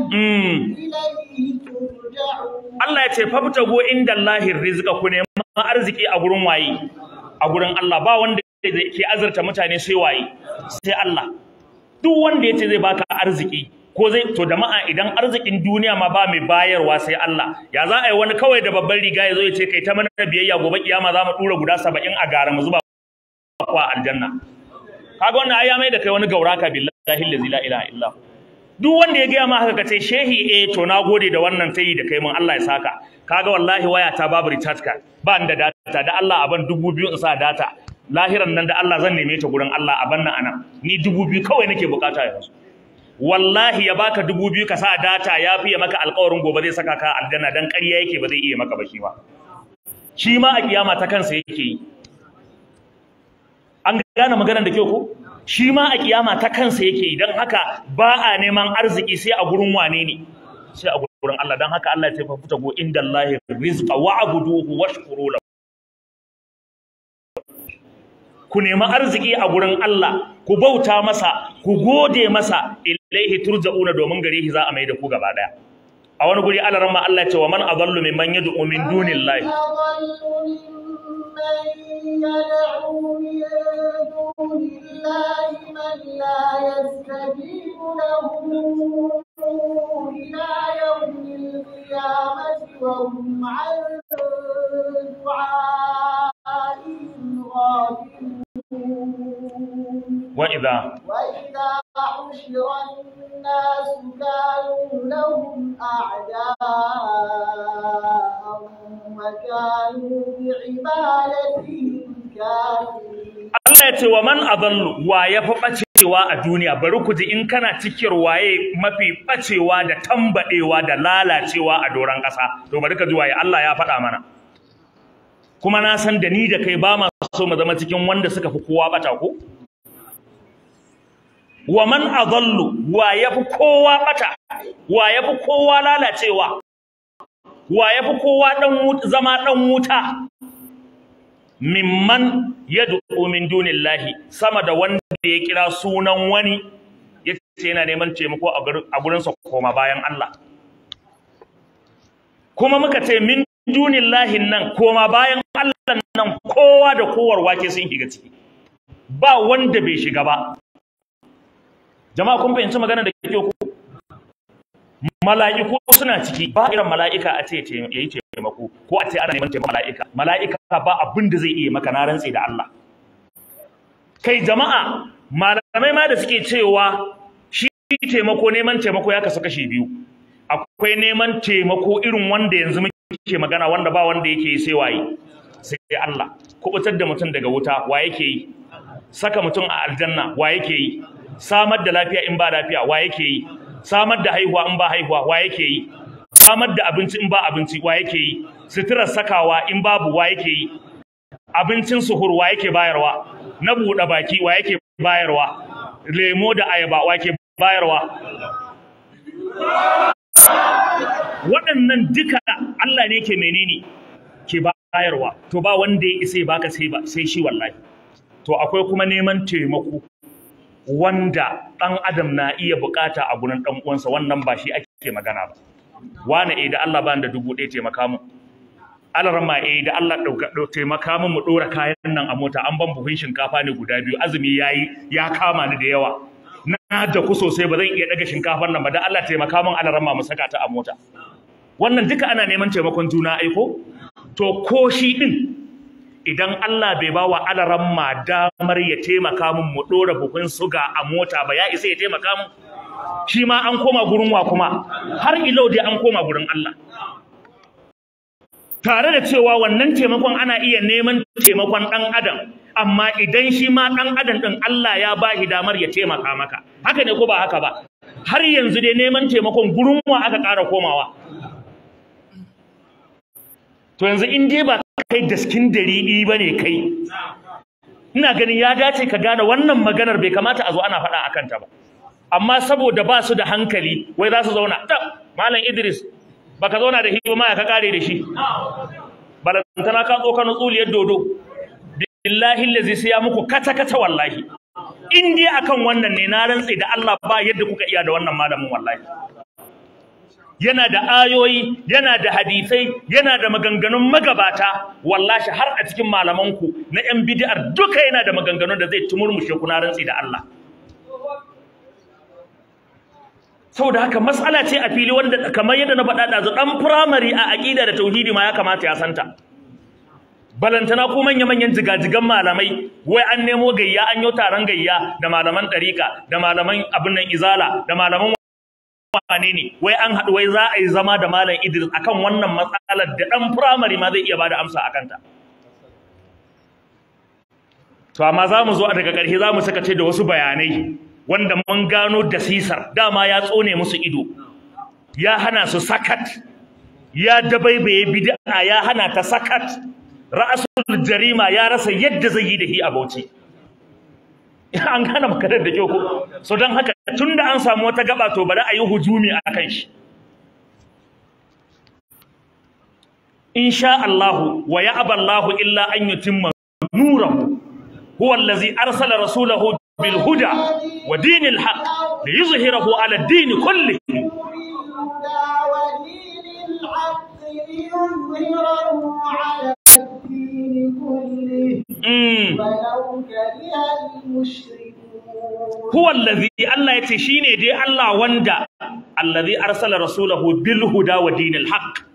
hmm. Allah ya ce go inda lahi rizika ku ne ma arziki a gurin waye a gurin Allah ba wanda zai ke azurta mutane sai waye sai Allah duk wanda ya ce zai baka arziki ko zai to jama'a idan arzikin duniya ma ba mai bayarwa sai Allah ya za a yi wani kawai da babban riga ya zo ya ce kai ta mana biyayya gobe kiyama za mu dura guda saba'in a gara mu zuba kwa aljanna kaga wannan ayya ya mai da kai wani gauraka billahi la ilaha illa duk wanda ya gaya ma haka kace shehi eh to na gode da wannan tayi da kai mun Allah ya saka kaga wallahi wayata babu recharge card ba da data da Allah aban dubu biyu in sa data lahiran nan da Allah zan neme ta gurin Allah aban nan anan ni dubu biyu kawai nake bukata yanzu wallahi ya baka dubu biyu ka sa data ya fiye maka alƙawarin gobe zai saka ka aljanna dan ƙarya yake ba zai iya maka ba shi ba shi ma a kiyama ta kansa yake yi an gane maganar da kyau ko shi ma a kiyama ta kansa yake yi dan haka ba a neman arziki sai a gurin wane ne sai a gurin Allah dan haka Allah ya tafi fita go inda Allah rizqa wa abuduhu washkuru ku nemi arziki a gurin Allah ku bauta masa ku gode masa ilaihi turja'una domin gare shi za a mai da ku gaba daya a wani guri Allah ranma Allah ya ce wa man adallu mimman yad'u min dunillahi
يدعو من دون الله من لا يستجيب له إلى يوم القيامة وهم عن دعائهم وإذا وإذا حشر الناس كانوا لهم أعداء وكانوا بعبادتهم كافرين
Allah ya ce wa man adallu wa ya fi ɓacewa a duniya bari ku ji in kana cikin waye mafi ɓacewa da tambaɗewa da lalacewa a doron ƙasa to bari ka ji waye Allah ya faɗa mana kuma na san da ni da kai ba ma so mu zama cikin wanda suka fi kowa bata ko wa man adallu wa yafi kowa bata wa yafi kowa lalacewa wa yafi kowa dan zama dan wuta mimman yad'u min dunillahi sama da wanda ya kira sunan wani yace yana neman taimako a gurin sa koma bayan Allah kuma muka ce min lahin nan koma bayan Allah nan kowa da kowar wake sun shiga ciki ba wanda bai shiga ba jama'a kun fahimci magana da kike ku mala'iku suna ciki ba irin mala'ika a ce yayi taimako ko a ce ana neman taimako mala'ika mala'ika ba abin da zai iya maka na rantsi da Allah kai jama'a malamai ma da suke cewa shi taimako neman taimako ya kasu kashi biyu akwai neman taimako irin wanda yanzu yake magana wanda ba wanda yake yi sai waye sai Allah kubutar da mutum daga wuta wa yake yi saka mutum a aljanna wa yake yi samar da lafiya in ba lafiya wa yake yi samar da haihuwa in ba haihuwa wa yake yi samar da abinci in ba abinci wa yake yi sutura sakawa in babu wa yake yi abincin suhur wa yake bayarwa na buɗe baki wa yake bayarwa lemo da ayaba wa yake bayarwa waɗannan duka Allah ne ke menene ke bayarwa to ba wanda ya isa baka sai ba sai shi wallahi to akwai kuma neman taimako wanda ɗan adam na iya bukata a gurin ɗan wannan ba shi ake magana ba wani eh da Allah ba da dubu ɗaya taimaka mu alarma eh da Allah taimaka mu mu ɗora kayan nan a mota an ban buhun shinkafa ne guda biyu azumi yayi ya kama ni da yawa da ku sosai ba zan iya daga shinkafar nan ba dan Allah taimaka min Allah ramma mu saka ta a mota wannan duka ana neman taimakon juna aiko to ko shi din idan Allah bai bawa Allah ramma damar ya taimaka min mu dora bukun suga a mota ba ya isa ya taimaka min shi ma an koma gurin wa kuma har ilo dai an koma gurin Allah tare da cewa wannan taimakon ana iya neman taimakon ɗan adam amma idan shi ma ɗan adam ɗin Allah ya ba shi damar ya taimaka maka haka ne ko ba haka ba har yanzu dai neman taimakon gurin wa aka ƙara komawa to yanzu in dai ba kai daskin dari ba ne kai ina ganin ya dace ka gane wannan maganar bai kamata a zo ana faɗa akan ta ba amma saboda ba su da hankali wai za su zauna malam Idris baka zauna da hidima ya ka kare da shi balantana ka tsoka na tsuliyar dodo billahi allazi zai ya muku kata kata wallahi in dai akan wannan ne na rantsi da Allah ba yadda kuka iya da wannan malamin wallahi yana da ayoyi yana da hadisai yana da maganganun magabata Wallashi har a cikin malamanku na yan bid'ar duka yana da maganganun da zai tumurmushe ku na rantsi da Allah saboda haka matsala ce a fili wanda kamar yadda na faɗa ɗazu ɗan firamare a aƙida da tauhidi ma ya kamata ya santa balantana ko manya-manyan jigajigan malamai wai an nemo gayya an yi taron gayya da malaman ɗarika da malaman abin nan izala da malaman wane ne wai an haɗu wai za a yi zama da malam idris akan wannan matsalar da ɗan firamare ma zai iya ba da amsa a kanta to amma za mu zo a daga ƙarshe za mu saka ce da wasu bayanai wanda mun gano dasisar dama ya tsone musu ido ya hana su sakat ya dabaibaye bid'a ya hana ta sakat ra'asul jarima ya rasa yadda zai yi da hi abauci <laughs> an gane makarar da kyau ko so don haka tunda an samu wata gaba to bari a yi hujumi a kan shi insha Allah wa ya'aba Allah illa an yutimma nurahu huwa allazi arsala rasulahu بالهدى ودين الحق ليظهره على الدين كله هو الذي الله يتشيني دي الله وندا الذي أرسل رسوله بالهدى ودين الحق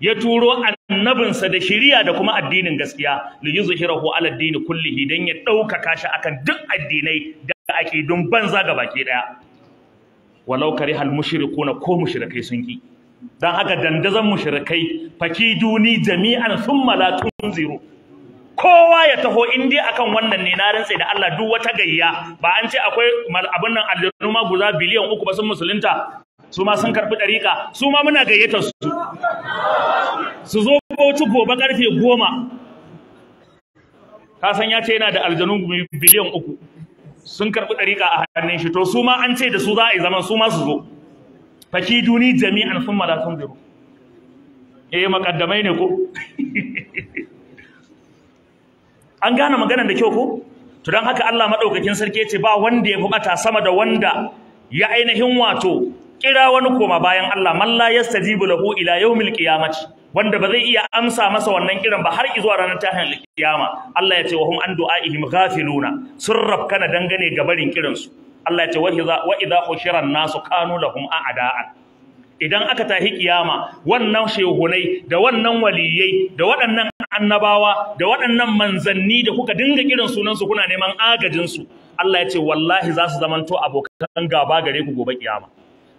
ya turo annabinsa da shiriya da kuma addinin gaskiya li yuzhirahu ala dini kullihi dan ya ɗaukaka shi akan duk addinai da ake don banza ga baki daya walau kariha al mushrikuna ko mushrikai sun ki dan haka dandazan mushrikai duni, jami'an thumma la ziro. kowa ya taho in dai akan wannan ne na rantse da Allah duk wata gayya ba an ce akwai abin nan aljanu ma guza biliyan uku ba sun musulunta su ma sun karɓi ɗariƙa su ma muna gayyatar su su zo bauchi gobe ƙarfe goma kasan ya ce yana da aljanun biliyan uku sun karɓi ɗariƙa a hannun shi to su ma an ce da su za a yi zaman su ma su zo faki duni jami'an sun mala sun zero eh makaddamai ne ko <laughs> an gane maganar da kyau ko to don haka Allah maɗaukakin sarki ya ce ba wanda ya fi ɓata sama da wanda ya ainihin wato kira wani koma bayan Allah man la yastajibu lahu ila yawmil qiyamati wanda ba zai iya amsa masa wannan kiran ba har zuwa ranar tashin kiyama Allah ya ce wa hum an du'aihim ghafiluna sun kana dangane ga barin kiransu Allah ya ce wa idza hushira nasu kanu lahum a'da'an idan aka tahi kiyama wannan shehunai da wannan waliyai da waɗannan annabawa da waɗannan manzanni da kuka dinga kiran sunansu kuna neman agajinsu Allah ya ce wallahi za su zamanto abokan gaba gare ku gobe kiyama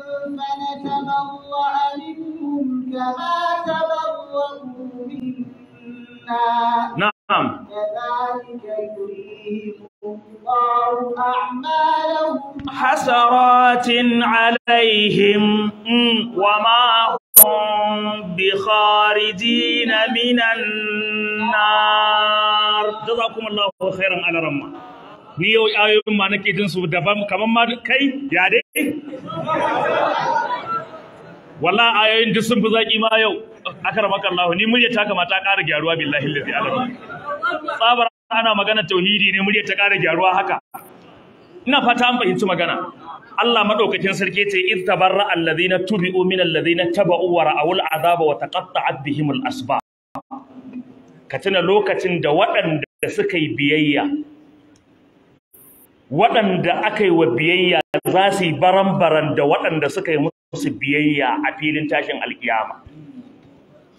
فنتبرأ منهم كما تبرأوا منا نعم كذلك يريهم الله أعمالهم حسرات
عليهم وما هم بخارجين من النار جزاكم الله خيرا على رمضان ni yau ayoyin ma nake jin su daban kamar ma kai ya dai wallahi ayoyin duk sun fi zaki ma yau akaramaka Allah ni murya ta kamata ta ƙara gyaruwa billahi lillahi alamin tsabar ana magana tauhidi ne murya ta ƙara gyaruwa haka ina fata an fahimci magana Allah madaukakin sarki ce iz tabarra alladhina tubi'u min alladhina taba'u wa ra'awul azaba wa taqatta'at bihimul asbab ka tuna lokacin da waɗanda suka yi biyayya waɗanda aka yi wa biyayya za su yi baran-baran da waɗanda suka yi musu biyayya a filin tashin alkiyama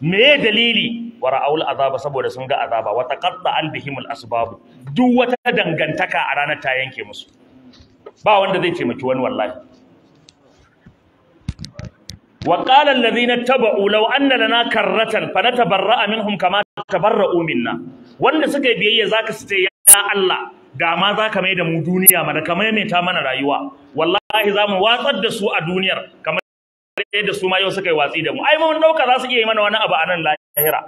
me dalili wa ra'aul azaba saboda sun ga azaba wa taqatta'al bihimul asbab duk wata dangantaka a ranar ta yanke musu ba wanda zai taimaki wani wallahi wa qala alladhina taba'u law anna lana karratan fanatabarra'a minhum kama tabarra'u minna wanda suka yi biyayya zaka su ce ya Allah ga ma za ka mai da mu duniya mana ka maimaita mana rayuwa wallahi za mu watsar da su a duniyar kamar yadda su ma yau suka yi watsi da mu ai mun dauka za su iya yi mana wani abu a nan lahira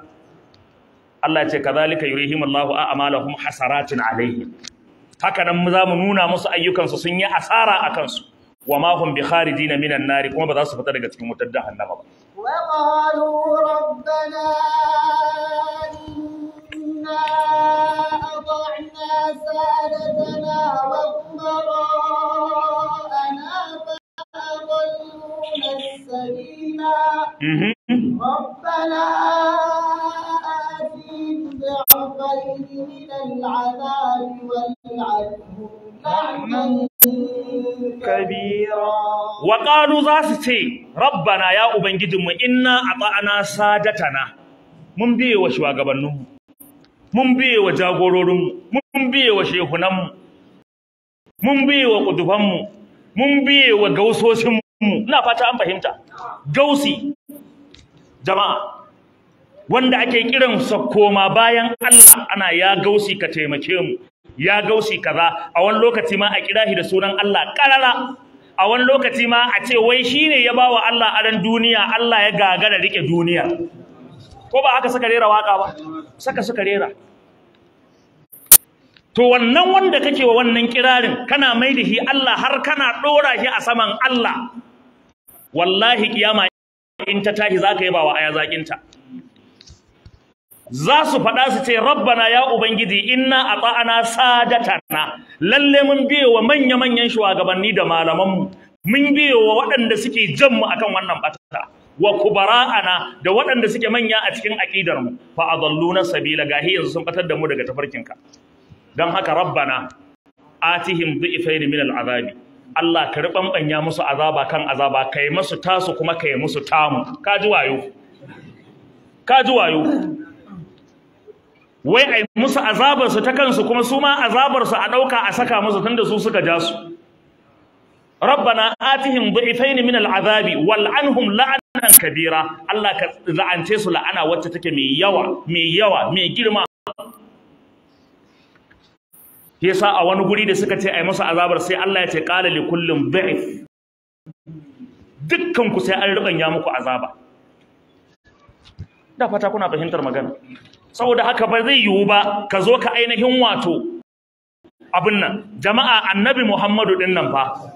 Allah ya ce "Kazalika, yurihim Allahu a'malahum hasaratin alaihi haka nan za mu nuna musu ayyukansu sun yi asara a kansu wa ma hum bi minan nari kuma ba za su fita daga cikin wutar jahannama ba
wa
za su ce rabbana ya ubangijinmu inna a ta'ana sadatana mun biye wa shugabanninmu mun biye wa jagororinmu mun biye wa shehunanmu mun biye wa kudufanmu mun biye wa gausosinmu. ina fata an fahimta gausi jama'a wanda ake kiran sa bayan Allah ana ya gausi ka taimake mu ya gausi kaza a wani lokaci ma a kira shi da sunan Allah ƙarara. a wani lokaci ma a ce wai shi ne ya bawa Allah aran duniya Allah ya gagara rike duniya ko ba aka saka rera waka ba saka suka rera to wannan wanda kake wa wannan kirarin kana mai da shi Allah har kana dora shi a saman Allah wallahi kiyama in ta tashi zaka yaba wa aya zakinta za su faɗa su ce rabbana ya ubangiji inna ata'ana sadatana lalle mun biye wa manya manyan shugabanni da malamanmu, mun biye wa waɗanda suke jan mu akan wannan batata wa kubara'ana da waɗanda suke manya a cikin aƙidar mu fa adalluna sabila gahi yanzu sun batar da mu daga tafarkinka Don haka rabbana atihim dhi'fayn min al'azabi Allah ka ribanbanya musu azaba kan azaba kai musu tasu kuma kai musu tamu ka ji wayo ka ji wayo wai ai musu azabar su ta kansu kuma su ma azabar su a ɗauka a saka musu tunda su suka ja su rabbana atihim dhifain min al'azabi wal anhum la'nan kabira Allah ka la'ance su la'ana wacce take mai yawa mai yawa mai girma yasa a wani guri da suka ce ai masa azabar sai Allah ya ce qala li kullin dhif sai an rubanya muku azaba da fata kuna fahimtar magana saboda haka ba zai yiwu ba ka zo ka ainihin wato abin nan jama'a annabi Muhammadu din fa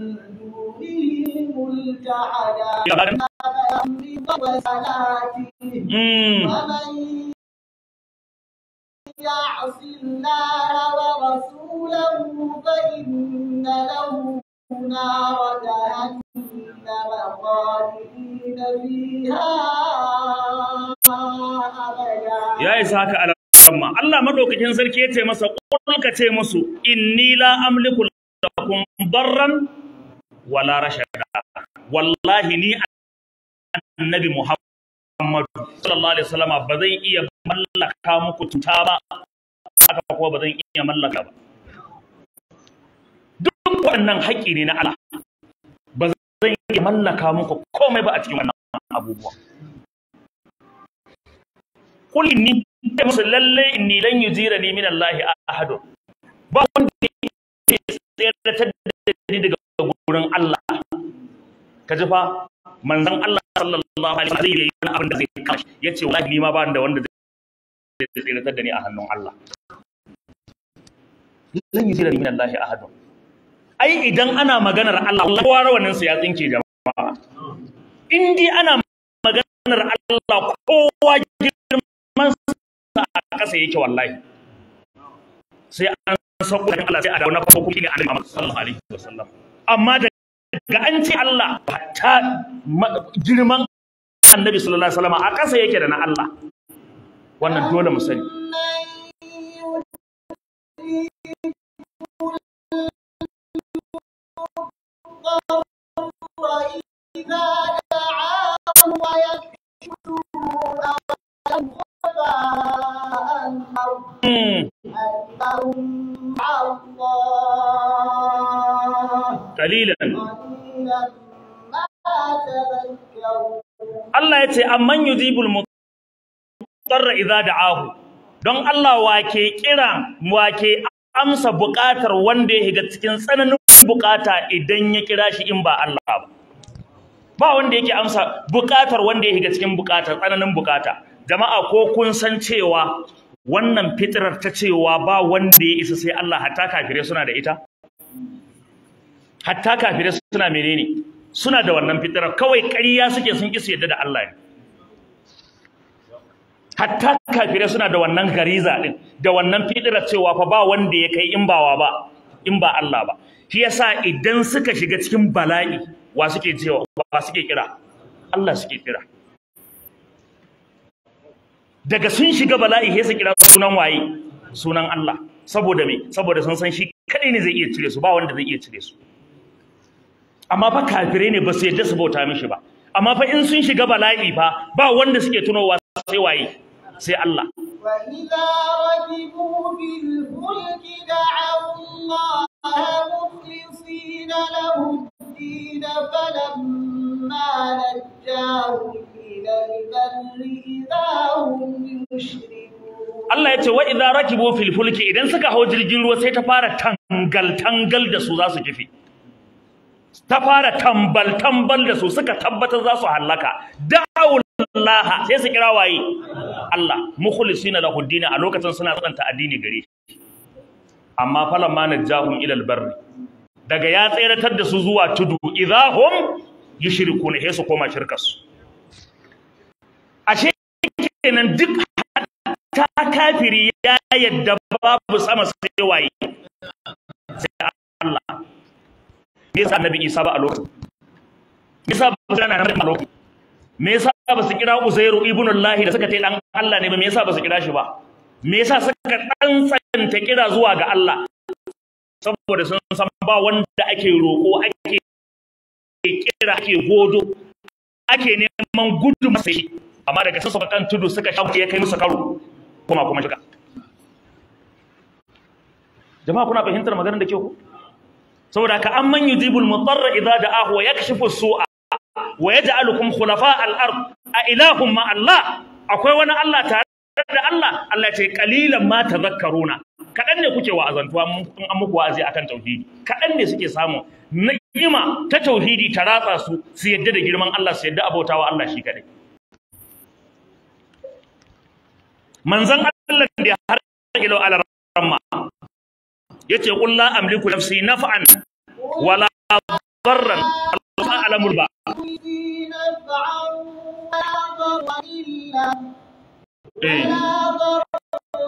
Ya a
haka ma. Allah maɗaukakin sarki ya ce masa, ƙulka ce masu in nila amlikul da kun barran wala rashada wallahi ni annabi Muhammad sallallahu alaihi wasallam ba zan iya mallaka muku cuta ba haka kuma ba zan iya mallaka ba wannan haƙƙi ne na Allah
bazan
iya mallaka muku komai ba a cikin wannan abubuwa in inni ya musu lalle inni lan yujirani min Allah ahad ba wanda ya da ni daga wurin Allah ka ji fa manzon Allah sallallahu alaihi wa sallam yana abin da zai kashi yace wallahi ni ma ba da wanda zai tsiratar da ni a hannun Allah lan yusira min Allah ahad. ai idan ana maganar Allah wallahi kowa rawanin sa ya tsinke
jama'a in dai ana maganar Allah kowa girman sa a kasa yake wallahi sai an
sako Allah sai a dawo na farko ga annabi sallallahu alaihi wasallam amma daga an ce Allah ta girman annabi sallallahu alaihi wasallam a ƙasa yake da na Allah
wannan dole mu sani
وإذا دعاه ويكشف الأرض أكثر مع الله قليلا قليلا ما تذكرون الله يتي
أمن يجيب المضطر إذا دعاه don Allah wake kira wake amsa buƙatar wanda ya higa cikin tsananin buƙata idan ya kira shi in ba Allah ba ba wanda yake amsa buƙatar wanda ya higa cikin buƙatar tsananin buƙata jama'a ko kun san cewa wannan fitrar ta cewa ba wanda ya isa sai Allah hatta kafirai suna da ita hatta kafirai suna menene suna da wannan fitrar kawai ƙarya suke sun kisa yadda da Allah ne hatta kafirai suna da wannan gariza din da wannan fitrar cewa fa ba wanda ya kai in bawa ba in ba Allah ba shi yasa idan suka shiga cikin bala'i wa suke cewa ba suke kira Allah suke kira daga sun shiga bala'i sai su kira sunan waye sunan Allah saboda me saboda sun san shi kadai ne zai iya cire su ba wanda zai iya cire su amma fa kafire ne ba su yadda su bauta mishi ba amma fa in sun shiga bala'i fa ba wanda suke tunowa sai waye sai Allah
وإذا ركبوا في الفلك دعوا الله مخلصين له الدين فلما نجاهم إلى البر إذا هم يشركون
Allah ya ce wa idza rakibu fil fulki idan suka hau jirgin ruwa sai ta fara tangal tangal da su za su kife ta fara tambal tambal da su suka tabbatar za su hallaka da'u Allah sai su kira waye Allah mukhlisina lahu a lokacin suna tsanta addini gare shi amma falan ma jahun ilal albarri daga ya tseratar da su zuwa tudu idahum yushrikuna he su koma shirkas ashe kenan duk ta kafiri ya yadda babu sama sai waye sai Allah me yasa annabi Isa ba a lokacin me yasa ba su na a lokacin me yasa ba su kira Uzairu ibn Allah da suka ce dan Allah ne ba me yasa ba su kira shi ba me yasa suka tsantsanta kira zuwa ga Allah saboda sun san ba wanda ake roƙo ake kira ake godo ake neman gudu masai amma daga sun kan tudu suka shawo ya kai musu karo kuma kuma shiga jama'a kuna fahimtar maganar da ke ku saboda ka amman yujibul mutarra idza da'ahu wa yakshifu su'a wa yaj'alukum khulafa al-ard a ilahum ma Allah akwai wani Allah tare da Allah Allah ce kalilan ma tazakkaruna kadan ne kuke wa'azantuwa in an muku wa'azi akan tauhidi kadan ne suke samu ni'ima ta tauhidi ta ratsa su su yadda da girman Allah su yadda abotawa Allah shi kadai manzon Allah da har ilo ala ramma yace qul la amliku nafsi naf'an wala darran Allah alamul
ba إيه. ولا
ضرا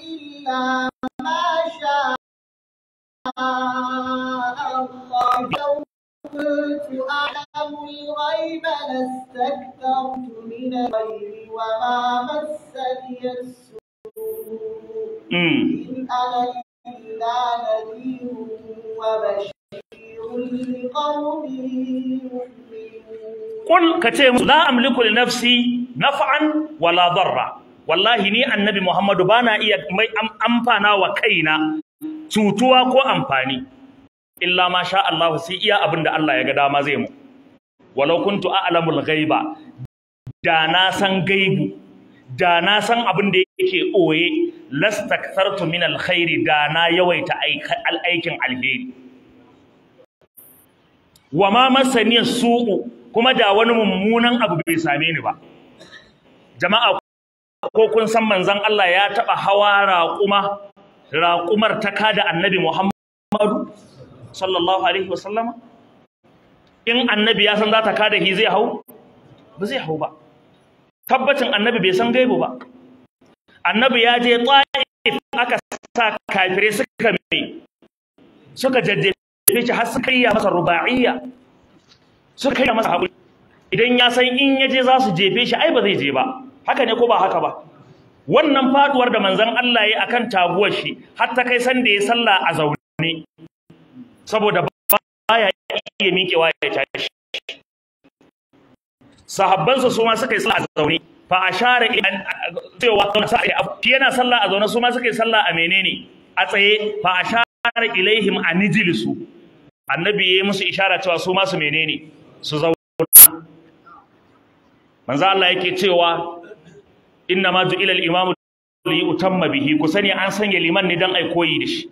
إلا ما شاء الله لو كنت أعلم الغيب لاستكثرت من الخير وما مسني السوء
إيه. إن
أنا إلا نذير وبشير لقوم يؤمنون
Kul ka ce musu la amliku li nafsi naf'an wala darra wallahi ni annabi Muhammadu bana iya mai amfana wa kaina cutuwa ko amfani illa ma sha Allah sai iya abin da Allah ya ga dama zai mu walau kuntu a'lamul ghaiba da na san gaibu da na san abin da yake oye lastakthartu min alkhairi da na yawaita aikin alheri wa ma masani su'u kuma da wani mummunan abu bai same ni ba jama'a ko kun san manzon Allah ya taba hawa raƙuma raƙumar ta kada annabi Muhammadu sallallahu alaihi wasallama in annabi ya san za ta kada shi zai hau ba zai hau ba tabbacin annabi bai san gaibu ba annabi ya je ta'if aka sa kafirai suka mai suka jaddafe shi har suka yi masa ruba'iyya suka yi masa haƙuri idan ya san in ya je za su jefe shi ai ba zai je ba haka ne ko ba haka ba wannan faduwar da manzon Allah ya akan taguwar shi har ta kai san da ya sallah a zaune saboda baya iya miƙewa ya tashi sahabbansa su ma suka yi sallah a zaune fa ashara idan cewa shi yana sallah a zaune su ma suka yi sallah a menene a tsaye fa ashara ilaihim an annabi yayi musu isharar cewa su ma su menene su zauna manzo Allah yake cewa inna ma ila al imam li utamma bihi ku sani an sanya liman ne dan ai koyi da shi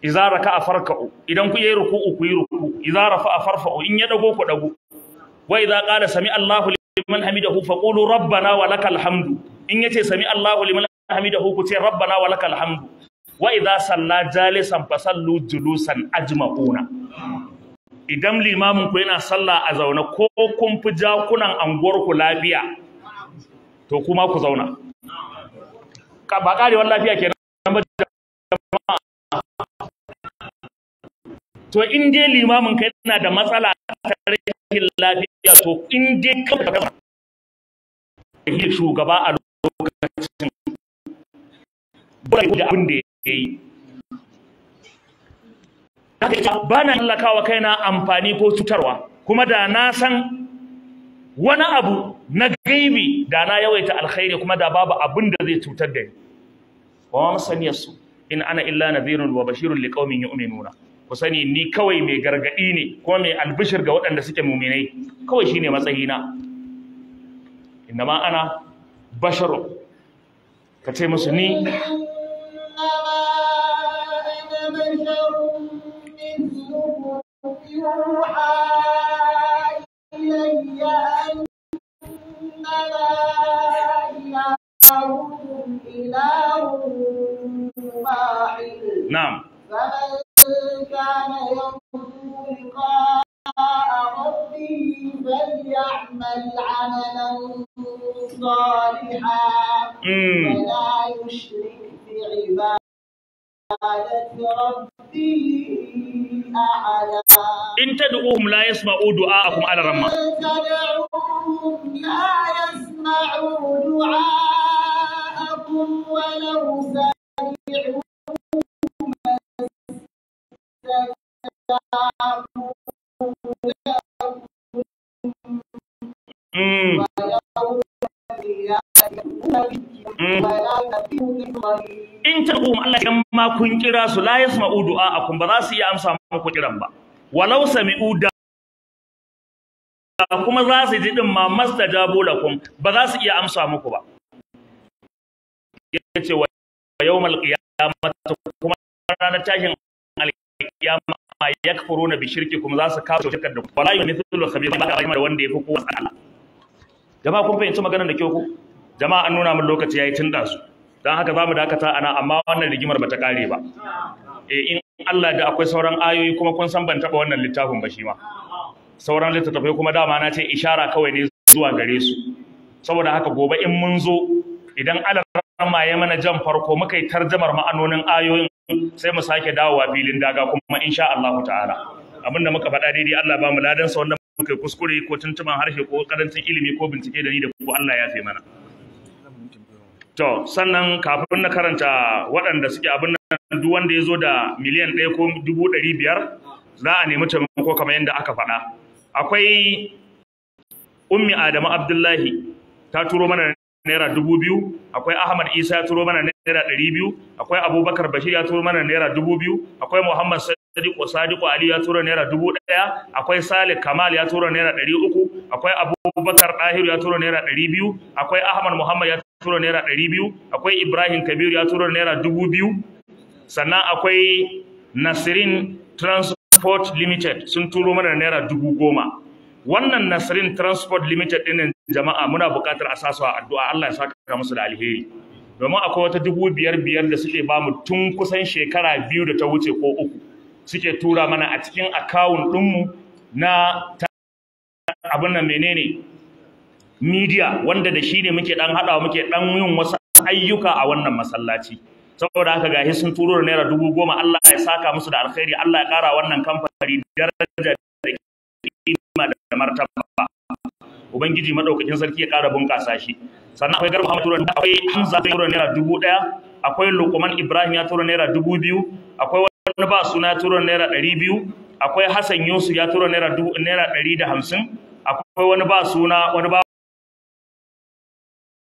idza raka'a farka'u idan ku yi ruku'u ku yi ruku'u idza rafa'a farfa'u in ya dago ku dago wa idza qala sami Allahu liman hamidahu faqulu rabbana wa lakal hamdu in yace sami Allahu liman hamidahu ku ce rabbana wa lakal hamdu wa idza salla jalisan fasallu julusan ajma'una idan limamin ku yana sallah a zaune ko kun fi jakunan anguwar ku lafiya to kuma ku zauna ba karewar lafiya kenan ba
to in dai limamin ka yana da matsala ta rashin lafiya to in dai ka da
shugaba a lokacin da abin da ya yi haka ita ba na kai kaina amfani ko cutarwa kuma da na san wani abu na gaibi da na yawaita alkhairi kuma da babu abin da zai cutar da ni wa masaniyarsu in ana illa nadhirun wa bashirun liqaumin yu'minuna ku sani ni kawai mai gargaɗi ne kuma mai albishir ga waɗanda suke muminai kawai shine Inda ma ana basharun ka ce musu ni
يوحى
إلي أن لا إله واحد نعم فمن كان يرجو لقاء ربه فليعمل عملا صالحا ولا يشرك بعبادة ربه آه، إن
تدعوهم لا يسمعوا دعاءكم على رمى آه،
تدعوهم لا يسمعوا دعاءكم ولو سمعوا
Mm. in
tad'uhum Allah
idan ma kun kira su la yasma'u du'a'akum ba za su iya amsa muku kiran ba walau sami'u da kuma za su ji din ma mastajabu lakum ba za su iya amsa muku ba yace wa yawmal qiyamati kuma ranar tashin alqiyama yakfuruna bi shirkikum za su kawo shirkar da wala yunithul khabir ba da wanda ya fi kowa Allah jama'a kun fahimci maganar da kyau ku jama'a an nuna min lokaci yayi tun ɗazu don haka za mu dakata ana amma wannan rigimar bata kare ba eh in Allah da akwai sauran ayoyi kuma kun san ban taba wannan littafin ba shi ma sauran littattafai kuma dama na ce ishara kawai ne zuwa gare su saboda haka gobe in mun zo idan alarama ya mana jan farko muka yi tarjamar ma'anonin ayoyin sai mu sake dawo a filin daga kuma insha Allah ta'ala abinda muka faɗa daidai Allah ba mu ladan sa wanda muka kuskure ko tuntuman harshe ko karancin ilimi ko bincike da ni da ku Allah ya fi mana To, sannan kafin na karanta waɗanda suke abin nan duk wanda ya zo da miliyan ɗaya ko dubu ɗari biyar za a nemi taimako kamar yadda aka faɗa. Akwai Ummi Adamu Abdullahi ta turo mana naira dubu biyu, akwai Ahmad Isa ya turo mana naira ɗari biyu, akwai Abubakar Bashir ya turo mana naira dubu biyu, akwai Muhammad Sadiq Sadiq Ali ya turo naira dubu ɗaya, akwai Salih Kamal ya turo naira ɗari uku, akwai Abubakar Ɗahiru ya turo naira ɗari biyu, akwai Ahmad Muhammad ya tura naira ɗari biyu akwai ibrahim kabiru ya turo naira dubu biyu sannan akwai nasirin transport limited sun turo mana naira dubu goma wannan nasirin transport limited ɗin jama'a muna buƙatar a sasu addu'a allah ya sa saka musu da alheri domin akwai wata dubu biyar biyar da suke bamu tun kusan shekara biyu da ta wuce ko uku suke tura mana a cikin akawun ɗinmu na abin nan menene media wanda da shi ne muke dan hadawa muke dan yin wasu ayyuka a wannan masallaci saboda haka gahi sun turo da naira dubu goma Allah ya saka musu da alkhairi Allah ya kara wannan kamfani daraja da kima da martaba ubangiji madaukakin sarki ya kara bunkasa shi sannan akwai garba turan akwai hamza turan naira dubu daya akwai Lokoman ibrahim ya tura naira dubu biyu akwai wani ba suna tura naira ɗari biyu akwai hassan yusuf ya tura naira dubu naira ɗari da hamsin akwai wani ba suna wani ba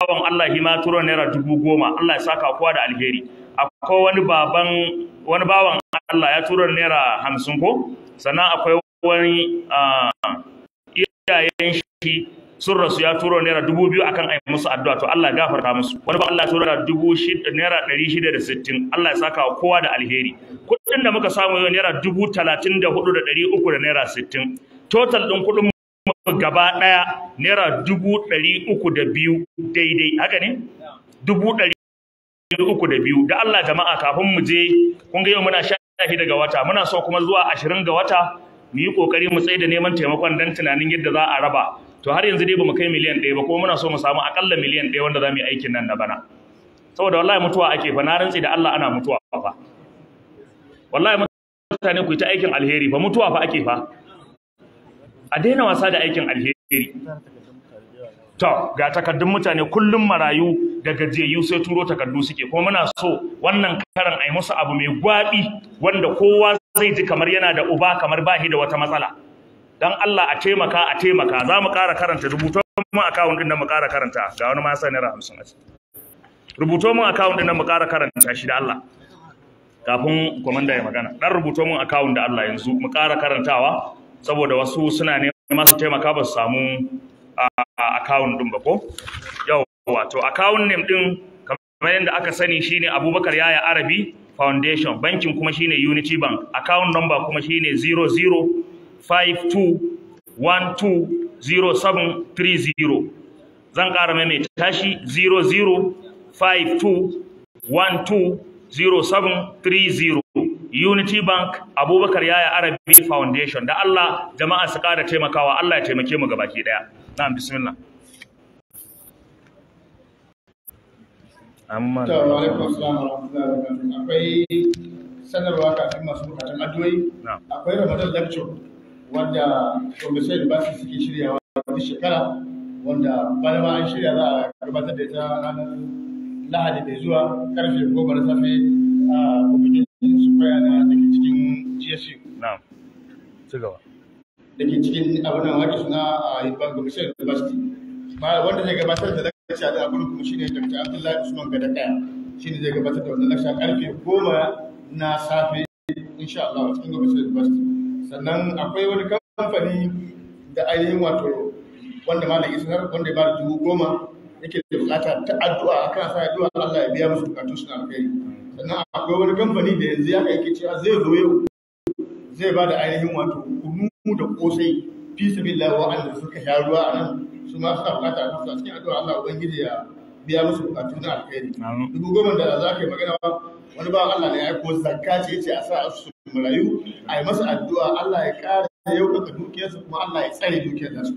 bawan Allah hima turo naira dubu goma Allah ya saka kowa da alheri akwai wani baban wani bawan Allah ya turo naira hamsin ko sannan akwai wani iyayen shi sun rasu ya turo naira dubu biyu akan ayi musu addu'a to Allah gafarta musu wani ba Allah turo naira dubu shida naira ɗari shida da sittin Allah ya saka kowa da alheri kuɗin da muka samu yau naira dubu talatin da hudu da ɗari uku da naira sittin total ɗin kuɗin gaba ɗaya naira dubu ɗari uku da biyu daidai haka ne dubu ɗari uku da biyu da Allah jama'a kafin mu je kun ga yau muna sha shida daga wata muna so kuma zuwa ashirin ga wata mu yi kokari mu tsaye da neman taimakon dan tunanin yadda za a raba to har yanzu dai ba mu kai miliyan ɗaya ba kuma muna so mu samu akalla miliyan ɗaya wanda za mu yi aikin nan na bana saboda wallahi mutuwa ake fa na rantsi da Allah ana mutuwa fa wallahi mutane ku yi ta aikin alheri fa mutuwa fa ake fa a daina wasa da aikin alheri to ga takardun mutane kullum marayu da gajiyayyu sai turo takardu suke kuma muna so wannan karan ai musu abu mai gwabi wanda kowa zai ji kamar yana da uba kamar bahi da wata matsala dan Allah a taimaka a taimaka za mu ƙara karanta rubuto mu account din nan mu ƙara karanta ga wani ma sai naira 50 a rubuto mu account din nan mu ƙara karanta shi da Allah kafin komanda ya magana dan rubuto mu account da Allah yanzu mu ƙara karantawa saboda wasu suna neman su taimaka ba su samu akawun ɗin ba ko Yau wato akawun name ɗin kamar yadda aka sani shine abubakar yaya arabi foundation bankin kuma shine unity bank Akawun number kuma shine 0052120730 zan ƙara mai tashi zero. Unity Bank Abubakar Yaya Arabi Foundation da Allah jama'a su ƙara taimakawa Allah ya taimake mu gabaki daya na'am bismillah amma da akwai
sanarwa kafin masu bukatun akwai Ramadan lecture wanda Professor suke shiryawa duk shekara shirya a gabatar da ita ranar Lahadi zuwa karfe goma safe waya dake cikin GSU. Na'am. Ci gaba. Da cikin abin nan wani suna a Gamishin University. Wanda zai gabatar da lakasha da abin kuma shine Dr. Abdullahi Usman Shi ne zai gabatar da wannan lakasha karfe goma na safe insha Allah a cikin Gamishin University. Sannan akwai wani kamfani da ainihin wato wanda malam Isnar wanda ya ba dubu goma yake da bukata ta addu'a akan sa addu'a Allah ya biya musu bukatun suna na sannan akwai wani kamfani da yanzu ya aiki cewa zai zo yau zai ba da ainihin wato kunu da kosai fi sabilillah wa'anda suka sha ruwa a nan su ma suna bukata a kusa cikin addu'a Allah ubangiji ya biya musu bukatu na alkhairi dubu goma da za ka yi magana wani ba Allah ne ya ko zakka ce ce a sa su marayu a yi masa addu'a Allah ya yau kaka dukiyarsu kuma Allah ya tsare dukiyar nasu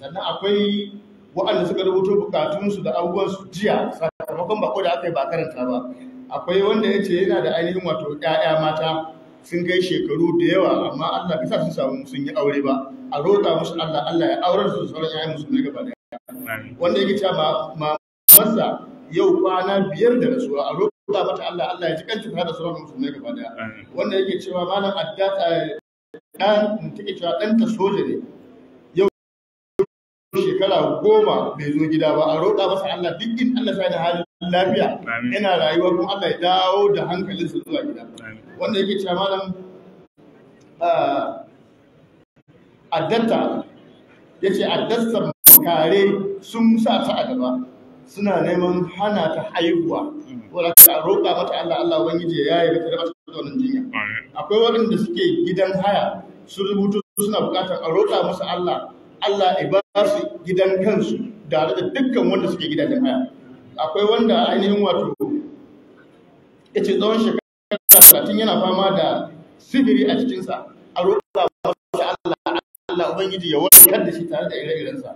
sannan akwai wa'anda suka rubuto bukatunsu da abubuwan su jiya sakamakon bako da aka yi ba karanta ba akwai wanda ya ce yana da ainihin wato ‘ya'ya mata sun kai shekaru da yawa amma Allah bisa sun samu sun yi aure ba a roƙa musu Allah Allah ya auren su sauran ‘ya'ya musu ne gaba daya wanda ya cewa ma masa yau kwana biyar da rasuwa a roƙa mata Allah Allah ya ji kan ta da sauran musu ne gaba daya wanda yake cewa malam adda eh, ɗan take cewa ta soja ne yau shekara goma bai zo gida ba a roƙa masa Allah duk in Allah sai da halin lafiya ina rayuwa kuma Allah ya dawo da hankalin su zuwa gida wanda yake cewa malam ah, addata yace addasar kare sun sa ta a gaba suna neman hana ta haihuwa wadda hmm. ka roƙa mata Allah Allah ubangiji ya yi ta wannan jinya akwai waɗanda suke gidan haya su rubutu suna buƙatar a roƙa musu Allah Allah ya ba su gidan kansu da da dukkan wanda suke gidan haya akwai wanda ainihin wato ya ce tsawon shekara 30 yana fama da sihiri a cikinsa. a roƙa Allah Allah Ubangiji ya warkar da shi tare da ire-irensa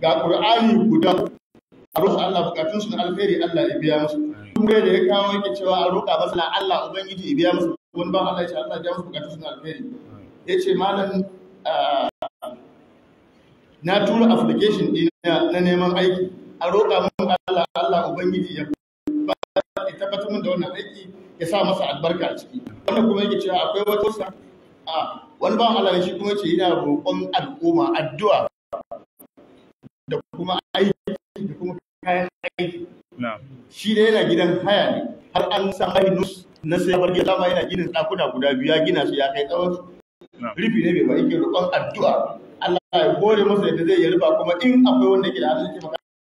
ga Ƙur'ani guda a roƙa Allah bukatun su na alheri Allah ya biya musu kun da ya kawo yake cewa a roƙa ba na Allah Ubangiji ya biya musu wani ba Allah ya ce Allah ya biya musu bukatun su na alheri ya ce malam ah, na tura application ɗina na neman aiki a roƙa mun Allah Allah ubangiji ya ba ya tabbatar mun da wannan aiki ya sa masa albarka a ciki wanda kuma yake cewa akwai wata sa a wani ban Allah shi kuma ce yana roƙon al'umma addu'a da kuma
aiki da kuma kayan aiki
shi dai yana gidan haya ne har an sa mai nus na sai bar gida ma yana ginin ɗakuna guda biyu ya gina su ya kai tsawon su rufi ne bai ba yake roƙon addu'a Allah ya kore masa yadda zai yi riba kuma in akwai wanda ke da hannun ke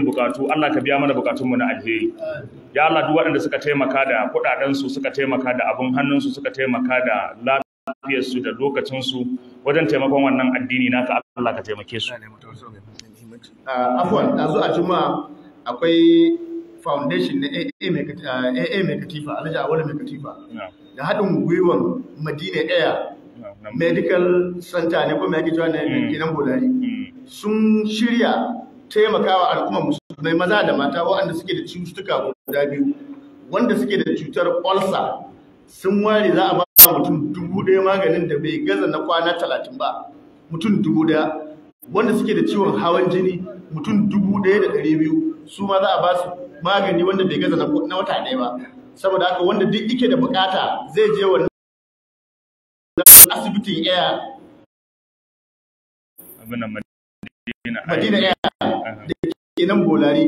bukatu Allah ka biya mana bukatun mu na alheri ya Allah duk waɗanda suka taimaka da su suka taimaka da abun hannun su suka taimaka da lafiyar su da lokacin su wajen taimakon wannan addini naka Allah ka taimake su
ah, afwan yanzu a juma akwai foundation na AA mai AA ah, mai katifa alhaji awali mai katifa da haɗin gwiwan madina air medical center ne ko mai cewa ne mm. kenan bolari mm. sun shirya taimakawa al'ummar musulmai maza da mata waɗanda suke da cututtuka guda biyu wanda suke da cutar ulcer sun ware za a ba mutum dubu ɗaya maganin da bai gaza na kwana talatin ba mutum dubu ɗaya wanda suke da ciwon hawan jini mutum dubu ɗaya da ɗari biyu su ma za a ba su magani wanda bai gaza na wata ɗaya ba saboda haka wanda duk ike da bukata zai je wannan asibitin air
Madina Air da ke nan
bolari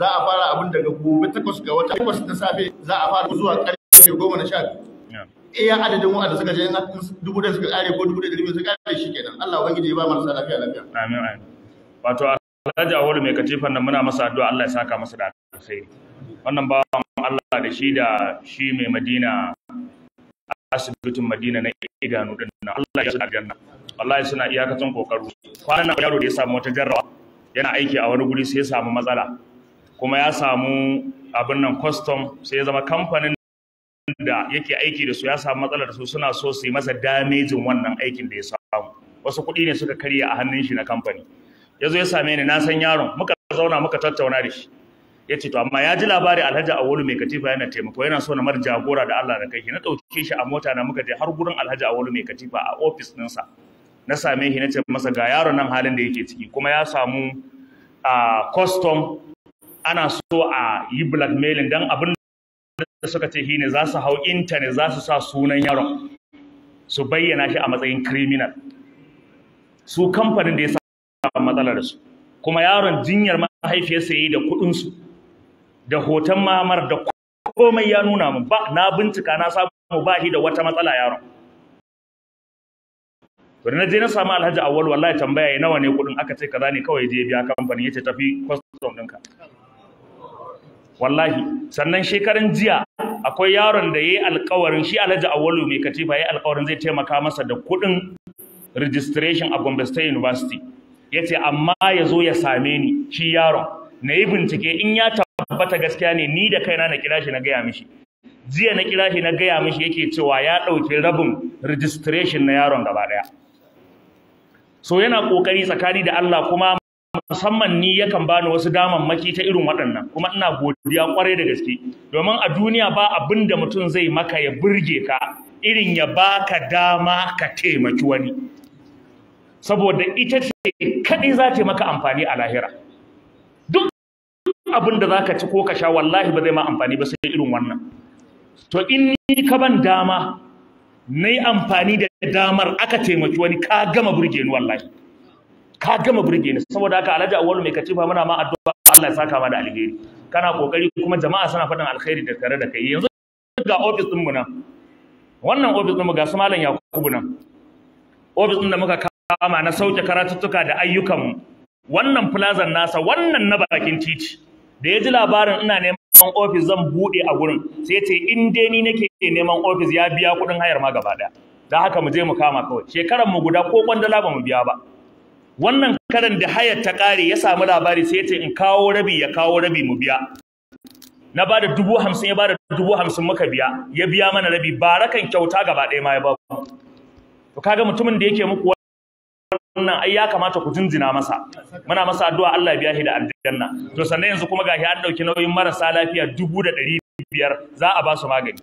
za a fara abin daga gobe takwas ga wata takwas ta safe za a fara zuwa karfe goma na sha biyu. iya adadin wa'anda suka je dubu da suka kare ko dubu da ɗari suka kare shi kenan Allah wani ya ba marasa lafiya lafiya
amin amin wato
Alhaji Awolu mai katifan nan muna masa addu'a Allah ya saka masa da alkhairi wannan bawan Allah da shi da shi mai Madina asibitin Madina na Igano din nan Allah ya sa aljanna wallahi suna iyakacin kokaru kwanan nan yaro da ya samu wata jarrawa yana aiki a wani guri sai ya samu matsala kuma ya samu abin nan custom sai ya zama kamfanin da yake aiki da su ya samu matsala da su suna so su yi masa damejin wannan aikin da ya samu wasu kuɗi ne suka karya a hannun shi na kamfani ya zo ya same ni na san yaron muka zauna muka tattauna da shi ya ce to amma ya ji labari alhaji awolu mai katifa yana taimako yana so na mar jagora da Allah da kai na ɗauke shi a mota na muka je har gurin alhaji awolu mai katifa a ofis ɗinsa na same shi na ce masa ga yaron nan halin da yake ciki kuma ya samu a custom ana so a yi blackmailing dan abin da suka ce shine za su hau intanet za su sa sunan yaron su bayyana shi a matsayin criminal su kamfanin da ya sa matsalar su kuma yaron jinyar mahaifiyarsa yayi da kuɗinsu su da hoton mamar da komai ya nuna mu, ba na bincika na samu ba shi da wata matsala yaron bari na je na samu alhaji awwal wallahi tambaya ya nawa ne kuɗin aka ce kaza ne kawai je biya kamfani yace tafi custom ɗinka wallahi sannan shekaran jiya akwai yaron da yayi alƙawarin shi alhaji awwalu mai katifa yayi alƙawarin zai taimaka masa da kuɗin registration a Gombe State University yace amma ya zo ya same ni shi yaron na yi bincike in ya tabbata gaskiya ne ni da kaina na kira shi na gaya mishi jiya na kira shi na gaya mishi yake cewa ya ɗauki rabin registration na yaron gaba ɗaya so yana kokari tsakani da Allah kuma musamman ni yakan bani wasu damammaki ta irin waɗannan kuma ina godiya kwarai da gaske domin a duniya ba abin da mutum zai maka ya burge ka irin ya baka dama ka taimaki wani saboda ita ce kaɗai za ta maka amfani a lahira duk abin da za ka ci ko ka sha wallahi ba zai ma amfani ba sai irin wannan to in ni ka ban dama na yi amfani da damar aka taimaki wani ka gama burge ni wallahi ka gama burge ni saboda haka alhaji awwalu mai katifa muna ma addu'a Allah ya saka ma da alheri kana kokari kuma jama'a suna faɗin alkhairi da tare da kai yanzu ga ofis din mu nan wannan ofis din mu ga su malam Yakubu nan ofis din da muka kama na sauke karatuttuka da ayyukan mu wannan plaza nasa wannan na bakin titi da ya ji labarin ina neman neman ofis zan buɗe a gurin sai ce in dai ni nake neman ofis ya biya kuɗin hayar ma gaba ɗaya don haka mu je mu kama kawai shekaran mu guda ko kwandala ba mu biya ba wannan karan da hayar ta ƙare ya samu labari sai ce in kawo rabi ya kawo rabi mu biya na ba da dubu hamsin ya ba da dubu hamsin muka biya ya biya mana rabi ba rakan kyauta gaba ɗaya ma ya ba to kaga mutumin da yake muku wannan ai ya kamata ku jinjina masa muna masa addu'a Allah biya shi da aljanna to sannan yanzu kuma gashi an dauki nauyin marasa lafiya dubu da ɗari biyar za a ba su magani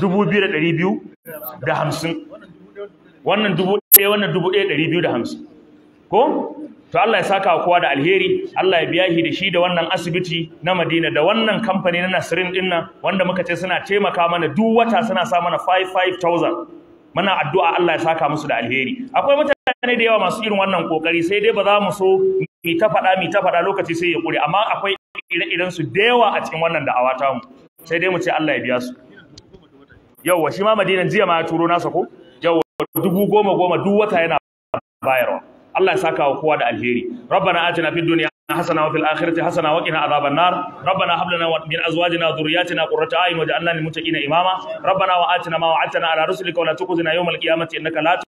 dubu biyu da ɗari biyu da hamsin wannan dubu ɗaya wannan dubu ɗaya ɗari biyu da hamsin ko to Allah ya saka kowa da alheri Allah ya biya shi da shi da wannan asibiti na Madina da wannan kamfani na Nasrin dinnan wanda muka ce suna taimaka mana duk wata suna sa mana 55000 muna addu'a Allah ya saka musu da alheri akwai mutane da yawa masu irin wannan kokari sai dai ba za mu so mi ta faɗa mi ta faɗa lokaci sai ya kure amma akwai ire-iren su da yawa a cikin wannan da awata mu sai dai mu ce Allah ya biya su yawwa shi ma madinan jiya ma ya turo nasa ko yawwa dubu goma goma duk wata yana bayarwa Allah ya saka wa kowa da alheri rabbana atina fid dunya حسنا وفي الآخرة حسنا وقنا عذاب النار ربنا هب لنا من أزواجنا وذرياتنا قرة أعين واجعلنا للمتقين إماما ربنا وآتنا ما وعدتنا على رسلك ولا تخزنا يوم القيامة إنك لا